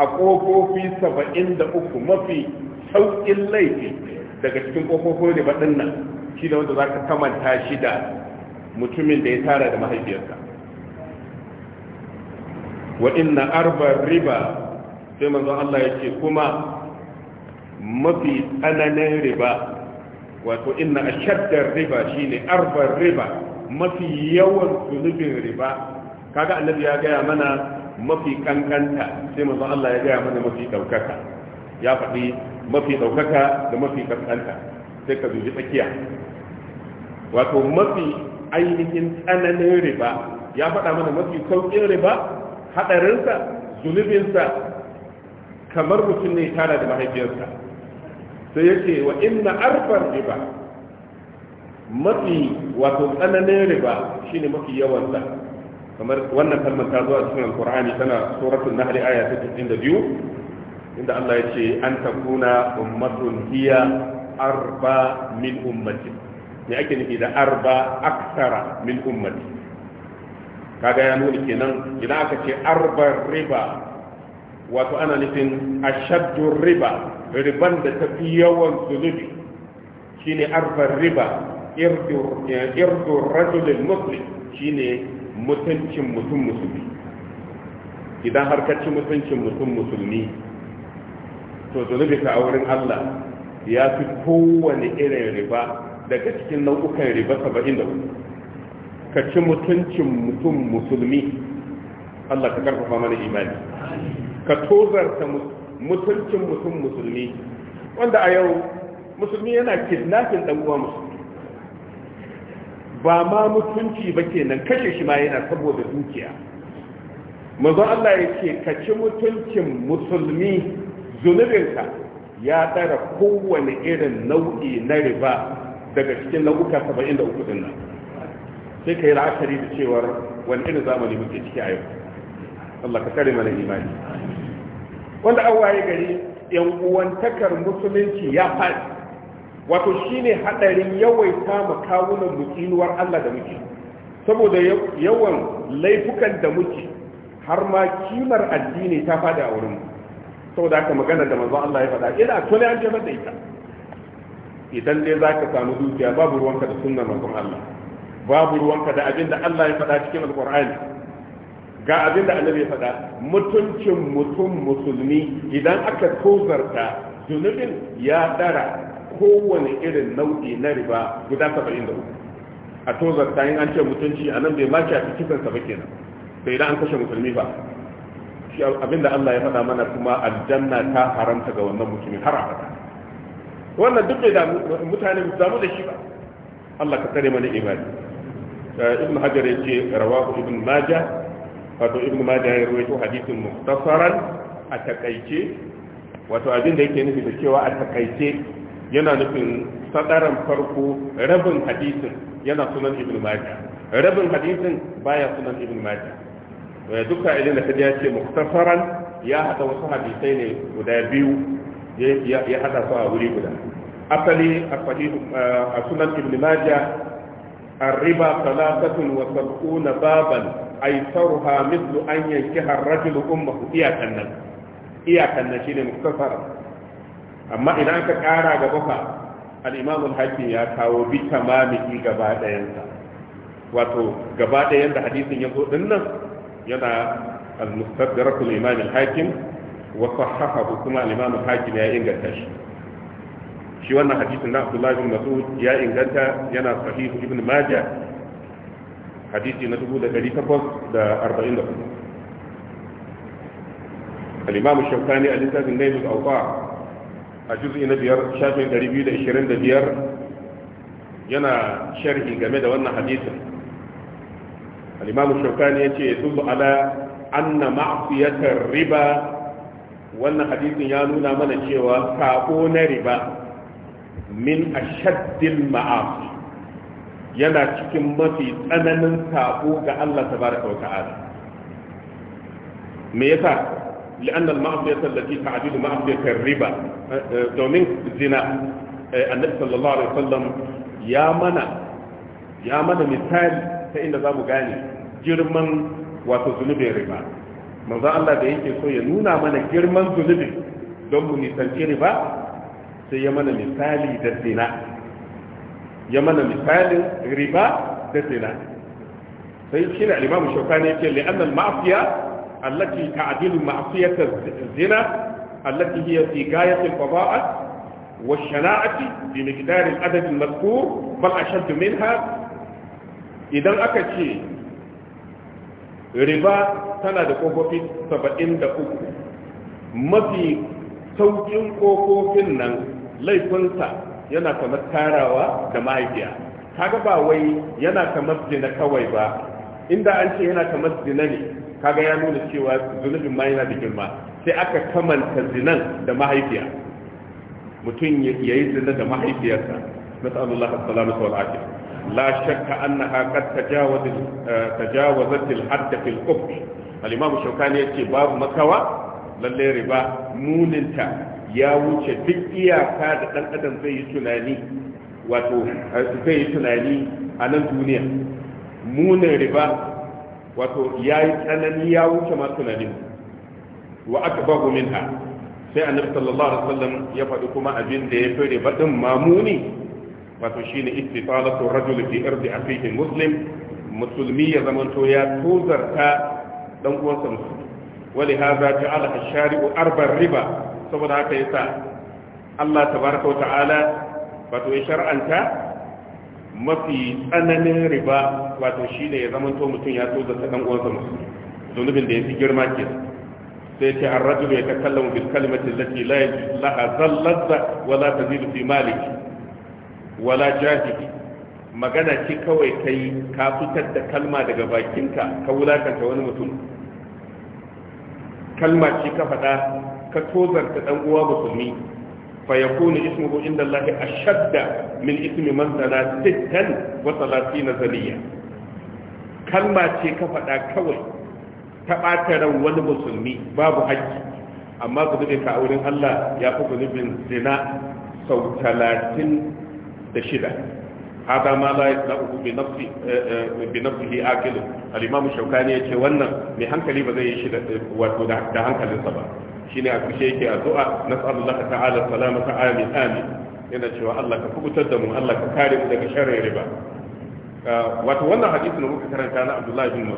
a kofofi uku mafi sauƙin laifi daga cikin ƙofofin riba ɗin nan shi da wanda za ka kamanta shi da mutumin da ya tara da mahaifiyarsa wa inna Arbar riba sai manzo Allah ya ce kuma mafi tsananin riba wato inna ashaddar riba shine Arbar riba mafi yawan zunubin riba kaga annabi ya gaya mana mafi kankanta sai manzo Allah ya gaya mana mafi daukaka ya faɗi mafi ɗaukaka da mafi ƙasƙanta sai ka zuji tsakiya wato mafi ainihin tsananin riba ya faɗa mana mafi sauƙin riba haɗarinsa zunubinsa kamar mutum ne tara da mahaifiyarsa sai ya ce wa inna arfar riba mafi wato tsananin riba shine mafi yawansa kamar wannan kalmar ta zuwa cikin alkur'ani tana suratul nahl aya ta biyu. inda Allah ya ce an takuna ummatun hiya arba min ummati ne ake nufi da arba aksara min ummati kaga ya nuna kenan idan aka ce arba riba wato ana nufin ashaddu riba riban da ta fi yawan zunubi shine arba riba irdu rajulin muslim shine mutuncin mutum musulmi idan har ka ci mutuncin mutum musulmi to zunubinka a wurin Allah ya fi kowane irin riba daga cikin nau'ukan riba saba'in da ka ci mutuncin mutum musulmi Allah ka karfafa mana imani ka tozarta mutuncin mutum musulmi wanda a yau musulmi yana kidnafin dan uwa musulmi ba ma mutunci ba ke nan kashe shi ma yana saboda dukiya manzo Allah ya ce ka ci mutuncin musulmi zunubinsa ya tsara kowane irin nau'i na riba daga cikin nau'uka 73 din nan sai ka yi la'akari da cewar wani irin zamani muke ciki a yau Allah ka kare mana imani wanda an waye gari yan uwantakar musulunci ya faɗi wato shine hadarin yawaita kawunan mutinuwar Allah da muke saboda yawan laifukan da muke har ma kimar addini ta fada a wurin mu. saboda haka magana da manzon Allah ya faɗa ina to an jefar da ita idan dai zaka samu dukiya babu ruwanka da sunnar manzon Allah babu ruwanka da abin da Allah ya faɗa cikin alqur'ani ga abin da annabi ya faɗa mutuncin mutum musulmi idan aka tozarta zunubin ya dara kowane irin nau'i na riba guda saba'in da uku a tozarta in an ce mutunci a nan bai ma a cikin sa ba kenan bai idan an kashe musulmi ba Abin da Allah ya faɗa mana kuma aljanna ta haramta ga wannan mutumin har abada wannan duk da mutane ba samu da shi ba Allah ka tare mana imani eh, ibn hajar yake rawahu ibn majah wato ibn majah ya rawaito hadithin mukhtasaran a takaice wato abin da yake nufi da cewa a takaice yana nufin sadaran farko rabin hadisin yana sunan ibn majah rabin hadisin baya sunan ibn majah ya eh, duka idan da ya ce muktafaran ya hada wasu hadisai ne guda biyu ya hada su a wuri guda asali a eh, sunan ibn majah arriba talatatun wa sab'una baban aitaruha mithlu an yankiha ar-rajulu ummuhu iyakan nan iyakan nan shine muktafaran amma idan ka kara ga fa al-imam ya kawo bi tamami gaba dayan sa wato gaba dayan da hadisin ya zo dinnan yana al-mustadrak al-imam al-hakim wa sahahahu kuma al hakim ya inganta shi shi wannan hadisin na Abdullahi ibn Mas'ud ya inganta yana sahih ibn Majah hadisi na 1844 al-imam al-Shawkani al-Intazim Nail al-Awqa a juz'i na biyar shafin 225 yana sharhi game da wannan hadisin al-imam shaukani yace yadullu ala anna ma'siyatar riba wannan hadisin ya nuna mana cewa sako na riba min yana cikin mafi tsananin sako ga Allah tabaraka wa ta'ala me yasa لأن المعصية التي تعديل معصية الربا دومين زنا النبي صلى الله عليه وسلم يا منا ya mana مثال ta inda za mu gane girman wato zunubin riba manzo Allah da yake so ya nuna mana girman zunubin don mu nisanci riba sai ya mana misali da zina ya mana misalin riba da zina sai shi ne alimamu shaukani yake li'annal ma'afiya allati ta'dilu ma'afiyata zina التي هي في غاية الفضاءة والشناعة بمقدار العدد المذكور بل أشد منها idan aka ce riba tana da kofofi saba'in da uku mafi saukin kofofin nan laifinsa yana kamar tarawa da mahaifiya kaga ba wai yana kamar zina kawai ba inda an ce yana kamar zina ne kaga ya nuna cewa zunubin ma yana da girma sai aka kamanta zinan da mahaifiya mutum ya yi zina da mahaifiyarsa na Allah salamata wal afiya لا شك أنها قد تجاوزت تجاوزت الحد في الكفر الإمام الشوكاني يأتي باب مكوى للي ربا موننتا يا wuce duk iyaka da ɗan adam zai yi tunani wato a nan duniya munin riba ya yi tsanani ya wuce ma tunanin wa aka babu minha sai annabi sallallahu alaihi wasallam ya faɗi kuma abin da ya fi riba ma muni. wato shine istitalatu rajul fi ardi akhihi muslim musulmi ya zamanto ya tuzarta dan uwansa musulmi wali hadha ja'ala ash-shari'u arba riba saboda haka yasa Allah tabaraka wa ta'ala wato ya shar'anta mafi tsananin riba wato ne ya zamanto mutum ya tuzarta dan uwansa musulmi zunubin da ya fi girma ke sai ce ar-rajulu yatakallamu bil kalimati allati la laha zallat wa la tazidu fi malihi wala jahili magana ce kawai kai ka fitar da kalma daga bakinka ka wulakanta wani mutum kalma ce ka faɗa ka tozarta ɗan uwa musulmi fa ya kone ismuhu inda Allah ashadda min ismi man zana sittan wa na zaliya kalma ce ka faɗa kawai ta ɓata ran wani musulmi babu haƙƙi amma zunubin ka a wurin Allah ya fi zunubin zina sau talatin da shida hada ma la yaqulu bi nafsi eh, eh, bi nafsihi al-imam shaukani yace wannan mai hankali ba zai yi shi wato da ba shine a kushe yake addu'a ta'ala yana cewa Allah ka kubutar da mu Allah ka kare mu daga riba ah, wato wannan hadisi muka karanta na Abdullah bin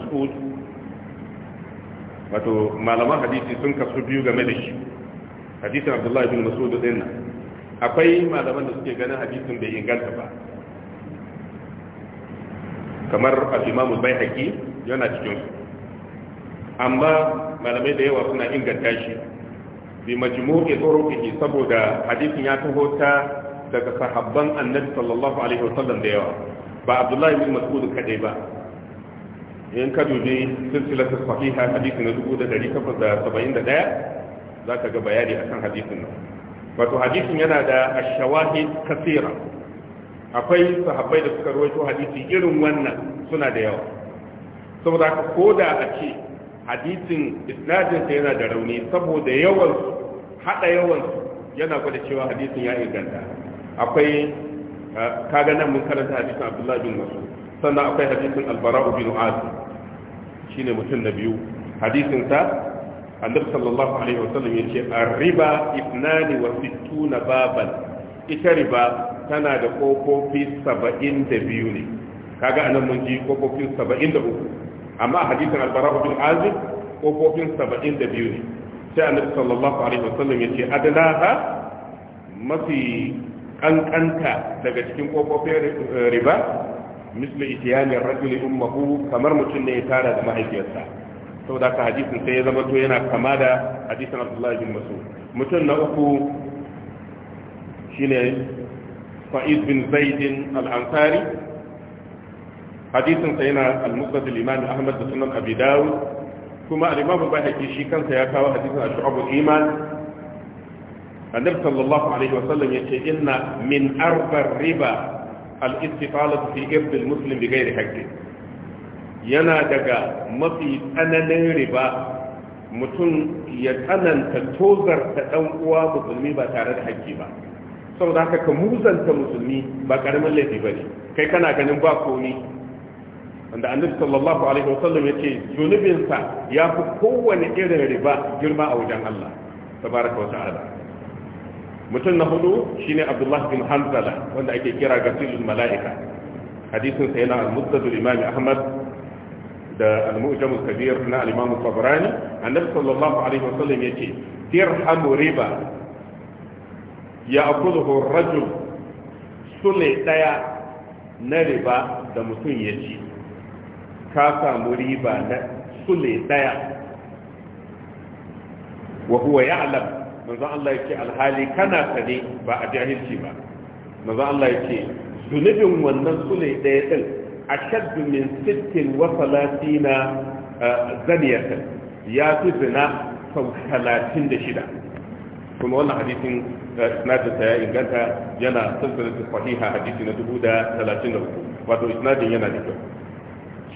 biyu game da shi hadisin Abdullah bin Mas'ud din akwai malaman da suke ganin hadisin bai inganta ba kamar al bai haƙi yana cikinsu amma malamai da yawa suna inganta shi bi majmu'i turuqihi saboda hadisin ya taho ta daga sahabban annabi sallallahu alaihi wasallam da yawa ba abdullahi bin mas'ud kade ba in ka dubi silsilatu sahiha hadisi na 1871 zaka ga bayani akan hadisin nan wato hadisin yana da ashawahi kasira akwai sahabbai da suka rawaito hadisi irin wannan suna da yawa saboda ka ko da a ce hadisin isnadinsa yana da rauni saboda yawan hada yawan yana gwada cewa hadisin ya inganta akwai eh, kaga nan mun karanta hadisin abdullahi bin wasu sannan akwai hadisin albara'u bin azim shine mutum na biyu hadisin sa annabi sallallahu alaihi wasallam ya ce arriba ibnani wa sittuna baban ita riba tana da kofofi biyu ne kaga anan mun ji saba'in da uku amma a hadisin al-bara bin azib kofofin biyu ne sai annabi sallallahu alaihi wasallam ya ce adalaha mafi kankanta daga cikin kofofin riba misli itiyani rajuli ummuhu kamar mutum ne ya tara da mahaifiyarsa saboda ka hadisin sai ya zama to yana kama da hadisin abdullahi bin mas'ud mutum na uku shine fa'id bin zaidin al-ansari hadisin sa yana al-musnad al-imam ahmad da sunan abi dawud kuma al-imam al-bayhaqi shi kansa ya kawo hadisin ash-shu'abul iman annabi sallallahu alaihi wa sallam yace inna min arba riba al-istiqalatu fi ird al-muslim bighayri haqqin yana daga mafi tsananin riba mutum ya tsananta tozar ta ɗan uwa musulmi ba tare da haƙƙi ba saboda haka ka muzanta musulmi ba ƙaramin laifi ba ne kai kana ganin ba komi wanda annabi sallallahu alaihi wasallam ya ce zunubinsa ya fi kowane irin riba girma a wajen Allah tabaraka wa mutum na hudu shine Abdullahi bin Hanzala wanda ake kira gasilul mala'ika hadisin sa yana al-musnad imam Ahmad da al-mu'jam kabir na al-imam tabrani annabi sallallahu alaihi wasallam yace dirham riba ya'kuluhu ar-rajul sule daya na riba da mutum ya ci ka samu riba na sule daya wa huwa ya'lam manzo Allah yake alhali kana sani ba a jahilci ba manzo Allah yake zunubin wannan sule daya din ashaddu min sittin wa salatina zaniyatan ya fi zina sau talatin da shida kuma wannan hadisin isnadin ya inganta yana sassanin sahiha hadisi na dubu da talatin da wato yana da kyau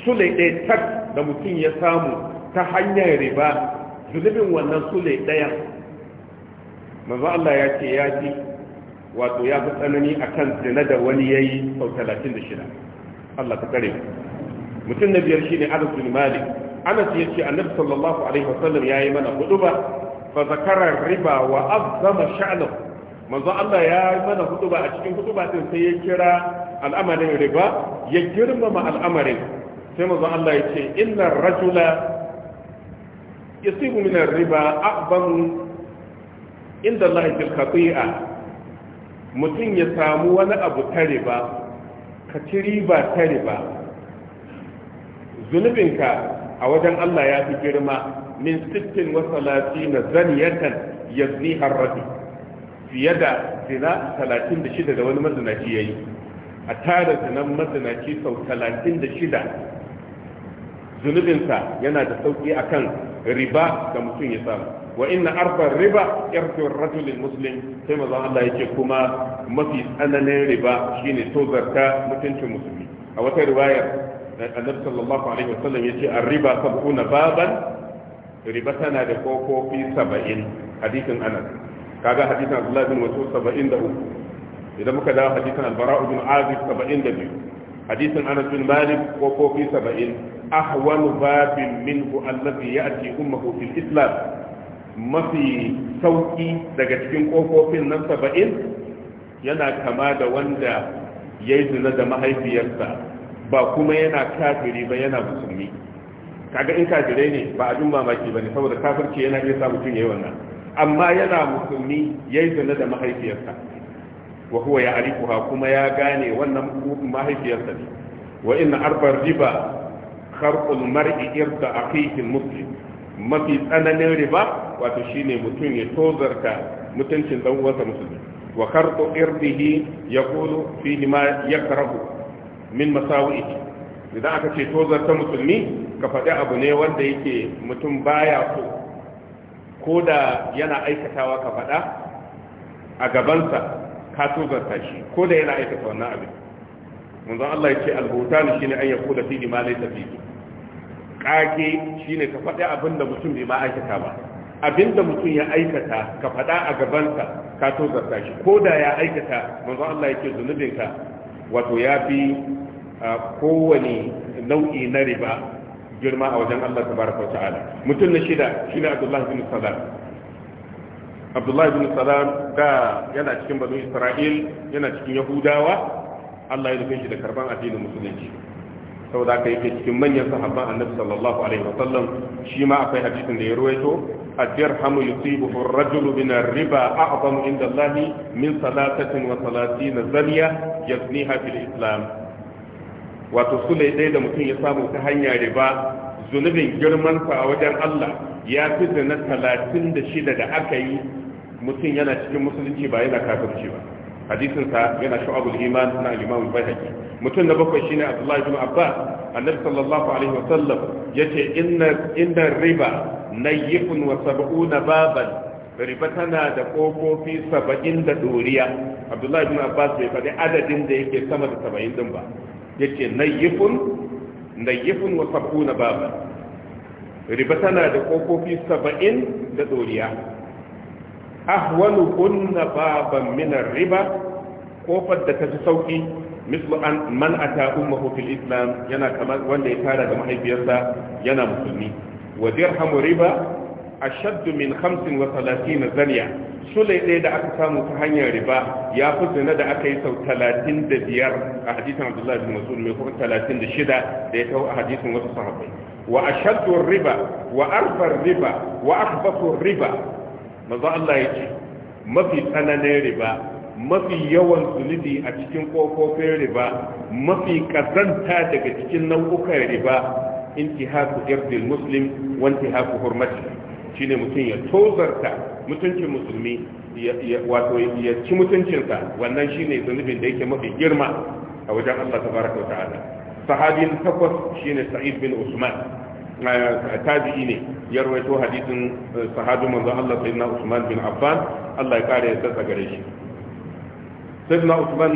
sule ɗaya tak da mutum ya samu ta hanyar riba zunubin wannan sule ɗaya manzo Allah ya ce ya ji wato ya fi tsanani akan zina da wani yayi sau talatin da shida Allah ta kare mutum na biyar shine Anas bin Malik Anas yace Annabi sallallahu alaihi wasallam yayi mana huduba fa zakara riba wa azzama sha'nahu manzo Allah ya yi mana huduba a cikin huduba din sai ya kira al'amarin riba ya girmama al'amarin sai manzo Allah yace inna rajula yasibu min riba a'zamu inda Allah fil khati'a mutum ya samu wani abu ta riba ka ci riba ta riba zunubinka a wajen Allah ya fi girma min sittin wa na zaniyatan yazni harrabi fiye da zina talatin da shida da wani mazinaci ya yi a tara zinan mazinaci sau talatin da shida zunubinsa yana da sauƙi akan riba da mutum ya samu wa inna arba riba irtu rajulil muslim sai manzo Allah yake kuma mafi tsananin riba shine tozarta mutuncin musulmi a wata riwaya annabi sallallahu alaihi wasallam yace ar-riba sab'una baban riba tana da kofofi 70 hadisin Anas kaga hadisin Abdullah bin Mas'ud 73 idan muka dawo hadisin Al-Bara bin Azib 72 hadisin Anas bin Malik kofofi 70 ahwanu babin minhu allazi ya'ti ummuhu fil islam mafi sauki daga cikin ƙofofin nan saba'in yana kama da wanda ya yi zina da mahaifiyarsa ba kuma yana kafiri ba yana musulmi kaga in kafirai ne ba abin mamaki ba ne saboda kafirci yana iya sa mutum ya yi amma yana musulmi ya yi zina da mahaifiyarsa wa huwa ya kuma ya gane wannan mahaifiyarsa ne wa inna arbar riba kharqul mar'i irda akhihi muslim mafi tsananin riba wato shine mutum ya tozarta mutuncin dan uwansa musulmi wa kharqu irdihi yaqulu fihi ma yakrahu min masawihi idan aka ce tozarta musulmi ka faɗi abu ne wanda yake mutum baya so ko da yana aikatawa ka faɗa a gabansa ka tozarta shi ko da yana aikata wannan abin manzon Allah ya ce al shine an yaqulu fihi ma laysa fihi kage shine ka faɗi abin da mutum bai ma aikata ba abin da mutum ya aikata ka faɗa a gabansa ka to zarta shi ko da ya aikata manzo Allah yake zunubinka wato ya fi kowane nau'i na riba girma a wajen Allah tabaraka wa ta'ala mutum na shida shine Abdullah bin Salam abdullahi bin salam da yana cikin banu isra'il yana cikin yahudawa allah ya nufin shi da karban addinin musulunci saboda haka yake cikin manyan sahabban annabi sallallahu alaihi wasallam shi ma akwai hadisin da ya ruwaito ad-dirhamu yusibuhu ar-rajulu min ar-riba a'zamu inda Allah min salatatin wa salatin zaniya yazniha fil islam wato sulai dai da mutum ya samu ta hanya riba zunubin girman sa a wajen Allah ya fi da na 36 da aka yi mutum yana cikin musulunci ba yana kafirci ba Hadisinsa yana shu'abul iman na al-imam al-bayhaqi mutum na bakwai shine abdullah ibn abbas annabi sallallahu alaihi wa sallam yace inna inna riba nayyifun wa sab'una baban riba tana da kofofi saba'in da doriya abdullah ibn abbas bai faɗi adadin da yake sama da saba'in din ba yace nayyifun nayyifun wa sab'una baban riba tana da kofofi saba'in da doriya ahwanu kunna baban min riba kofar da ta fi sauki mislu an man ata ummuhu fil islam yana kamar wanda ya tara da mahaifiyarsa yana musulmi wa dirhamu riba ashadd min 35 zaniya sulai ɗaya da aka samu ta hanyar riba ya fi zina da aka yi sau 35 a hadisin abdullahi bin mas'ud mai kuma 36 da ya kawo a hadisin wasu sahabbai wa ashaddu riba wa arfar riba wa akhbathu riba manzo Allah ya ce mafi tsananin riba mafi yawan zunubi a cikin kofofin riba mafi kazanta daga cikin nau'ukan riba intihaku irdil muslim wa intihaku hurmati ne mutum ya tozarta mutuncin musulmi wato ya ci mutuncinsa wannan shi ne zunubin da yake mafi girma a wajen Allah tabaraka wa ta'ala sahabin takwas shi ne sa'id bin usman tabi'i ne ya rawaito hadisin eh, sahabi manzo Allah sayyidina Usman bin Affan Allah ya kare ya tsaka gare shi sayyidina Usman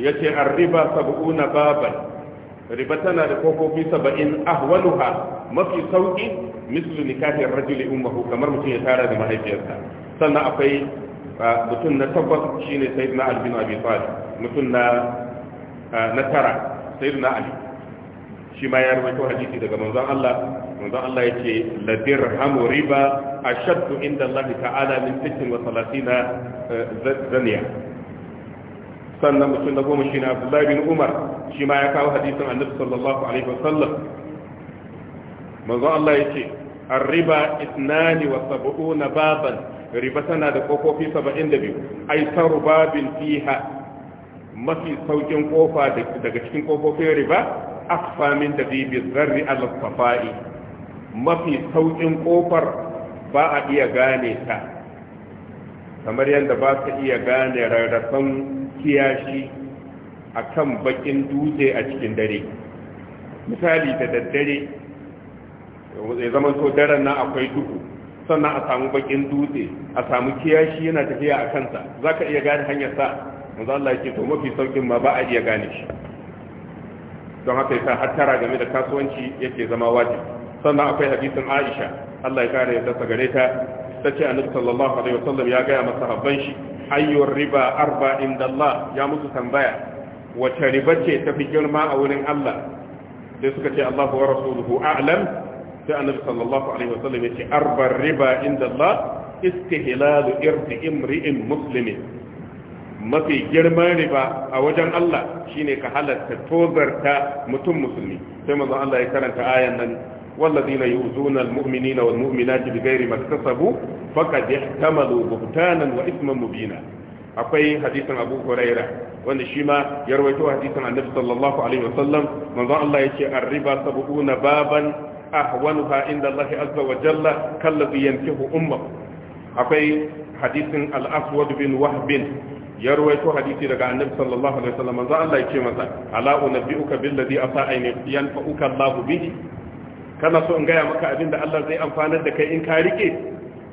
yace ar-riba sab'una baban riba tana da kofofi 70 ahwaluha mafi sauki mislu nikahi ar-rajuli ummuhu kamar mutum ya tara da mahaifiyarsa sannan akwai ah, mutum na tabbas shine sayyidina Ali bin Abi Talib mutum na ah, na tara sayyidina Ali shi ma ya rubuta hadisi daga manzon Allah manzon Allah yake la dirhamu riba ashaddu inda Allah ta'ala min 36 eh, zaniya sannan mutum da goma shi shine Abdullah bin Umar shi ma ya kawo hadisin Annabi sallallahu alaihi wasallam manzon Allah yake الربا اثنان وسبعون بابا riba tana da kofofi 72 ai tarba bin fiha mafi saukin kofa daga cikin kofofin riba akfa min dabibi zarri al safai mafi saukin kofar ba a iya gane ta kamar yadda ba ka iya gane rarrafan kiyashi akan bakin dutse a cikin dare misali da daddare ya zama so daren nan akwai duhu sannan a samu bakin dutse a samu kiyashi yana tafiya a kansa za ka iya gane hanyar sa mazalla Allah ce to mafi saukin ma ba a iya gane shi don haka har hattara game da kasuwanci yake zama wajibi sannan akwai hadisin Aisha Allah ya kare ya gare ta tace annabi sallallahu alaihi wasallam ya ga masa habban shi ayyur riba arba inda Allah ya musu tambaya wace riba ce ta fi girma a wurin Allah sai suka ce Allahu wa rasuluhu a'lam sai annabi sallallahu alaihi wasallam ya ce arba riba inda Allah istihlalu irdi imri'in muslimin mafi girman riba a wajen Allah shine ka halatta tozarta mutum musulmi sai manzo Allah ya karanta ayan nan والذين يؤذون المؤمنين والمؤمنات بغير ما اكتسبوا فقد احتملوا بهتانا واثما مبينا akwai hadisin abu huraira wanda shi ma ya rawaito hadisin annabi sallallahu alaihi wasallam manzo Allah yace arriba sabuna baban ahwanuha inda Allah azza wa jalla kallazi yankihu umma akwai hadisin al-aswad bin wahb ya ruwaito hadisi daga annabi sallallahu alaihi wasallam manzo Allah ya ce masa ala unabbiuka billadhi asa ayni yanfa'uka Allah bihi kana so in gaya maka abinda Allah zai amfanar da kai in ka rike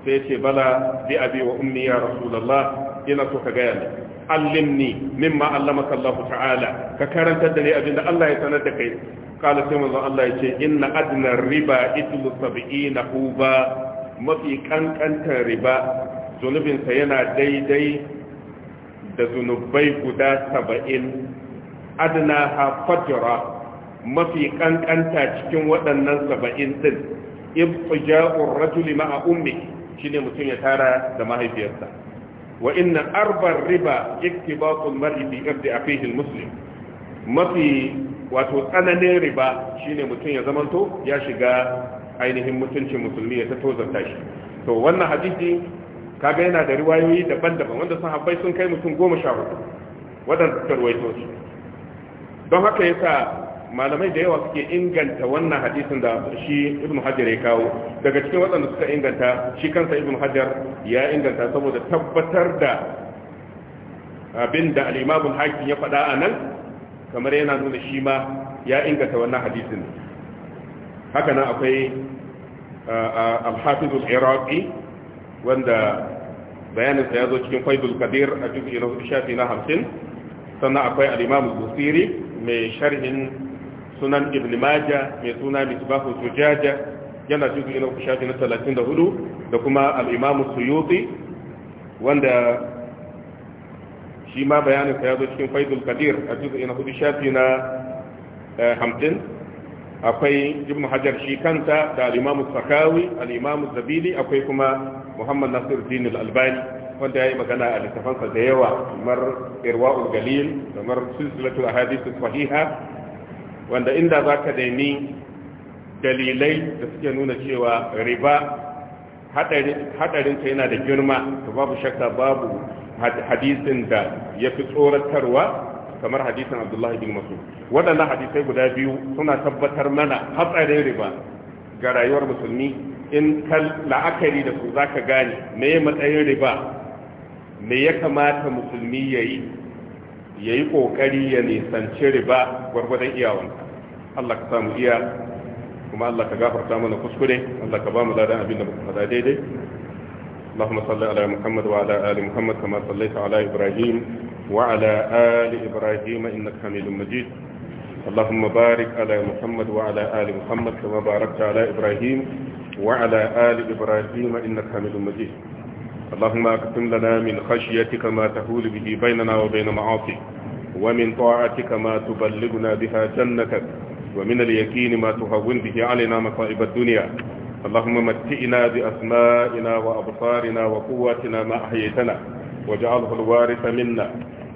sai ya ce bala bi abi wa ummi ya rasulullah ina so ka gaya ni allimni mimma allamaka Allah ta'ala ka karantar da ni abinda Allah ya sanar da kai kala sai manzo Allah ya ce inna adna riba itlu sab'ina huba mafi kankantar riba zunubinsa yana daidai da zunubai guda saba'in adnaha fajra mafi ƙanƙanta cikin waɗannan saba'in din ibtija'ur rajuli ma'a ummi ne mutum ya tara da mahaifiyarsa wa inna arbar riba iktibatul mar'i bi a fihin almuslim mafi wato tsananin riba shine mutum ya zamanto ya shiga ainihin mutuncin musulmi ya tato shi to wannan hadisi kaga yana da riwayoyi daban-daban wanda sahabbai sun kai mutum goma sha hudu waɗanda suka ruwaito su don haka yasa malamai da yawa suke inganta wannan hadisin da shi ibn hajar ya kawo daga cikin waɗanda suka inganta shi kansa ibn hajar ya inganta saboda tabbatar da abin da al'imabun ya faɗa a nan kamar yana nuna shi ma ya inganta wannan hadisin haka nan akwai alhafizul hafizul iraqi wanda bayaninsa ya zo cikin faidul kadir a cikin shafi na hamsin sannan akwai al'imamu busiri mai sharhin sunan ibn majah mai suna misbahu tujaja yana cikin shafi na talatin da hudu da kuma al'imamu suyuti wanda shi ma bayaninsa ya zo cikin faidul kadir a cikin shafi na eh, hamsin akwai ibn hajar shi kanta da al-imam sakawi al-imam zabili akwai kuma muhammad nasiruddin al-albani wanda yi magana a littafansa da yawa kamar irwaul galil kamar silsilatul ahadith sahiha wanda inda zaka daini dalilai da suke nuna cewa riba hadarin ta yana da girma babu shakka babu hadisin da ya fi tsoratarwa kamar hadisin abdullahi bin masud waɗannan hadisai guda biyu suna tabbatar mana hatsarin riba ga rayuwar musulmi in ka la'akari da su za ka gane me ya matsayin riba me ya kamata musulmi ya yi ya yi ƙoƙari ya nisanci riba gwargwadon iyawanka Allah ka samu iya kuma Allah ka gafarta mana kuskure Allah ka ba mu ladan abin da muka faɗa daidai اللهم صل على محمد وعلى آل محمد كما صليت على إبراهيم وعلى آل إبراهيم إنك حميد مجيد اللهم بارك على محمد وعلى آل محمد كما باركت على إبراهيم وعلى آل إبراهيم إنك حميد مجيد اللهم أكتم لنا من خشيتك ما تهول به بيننا وبين معاصيك ومن طاعتك ما تبلغنا بها جنتك ومن اليقين ما تهون به علينا مصائب الدنيا اللهم متئنا بأسمائنا وأبصارنا وقواتنا ما أحييتنا واجعله الوارث منا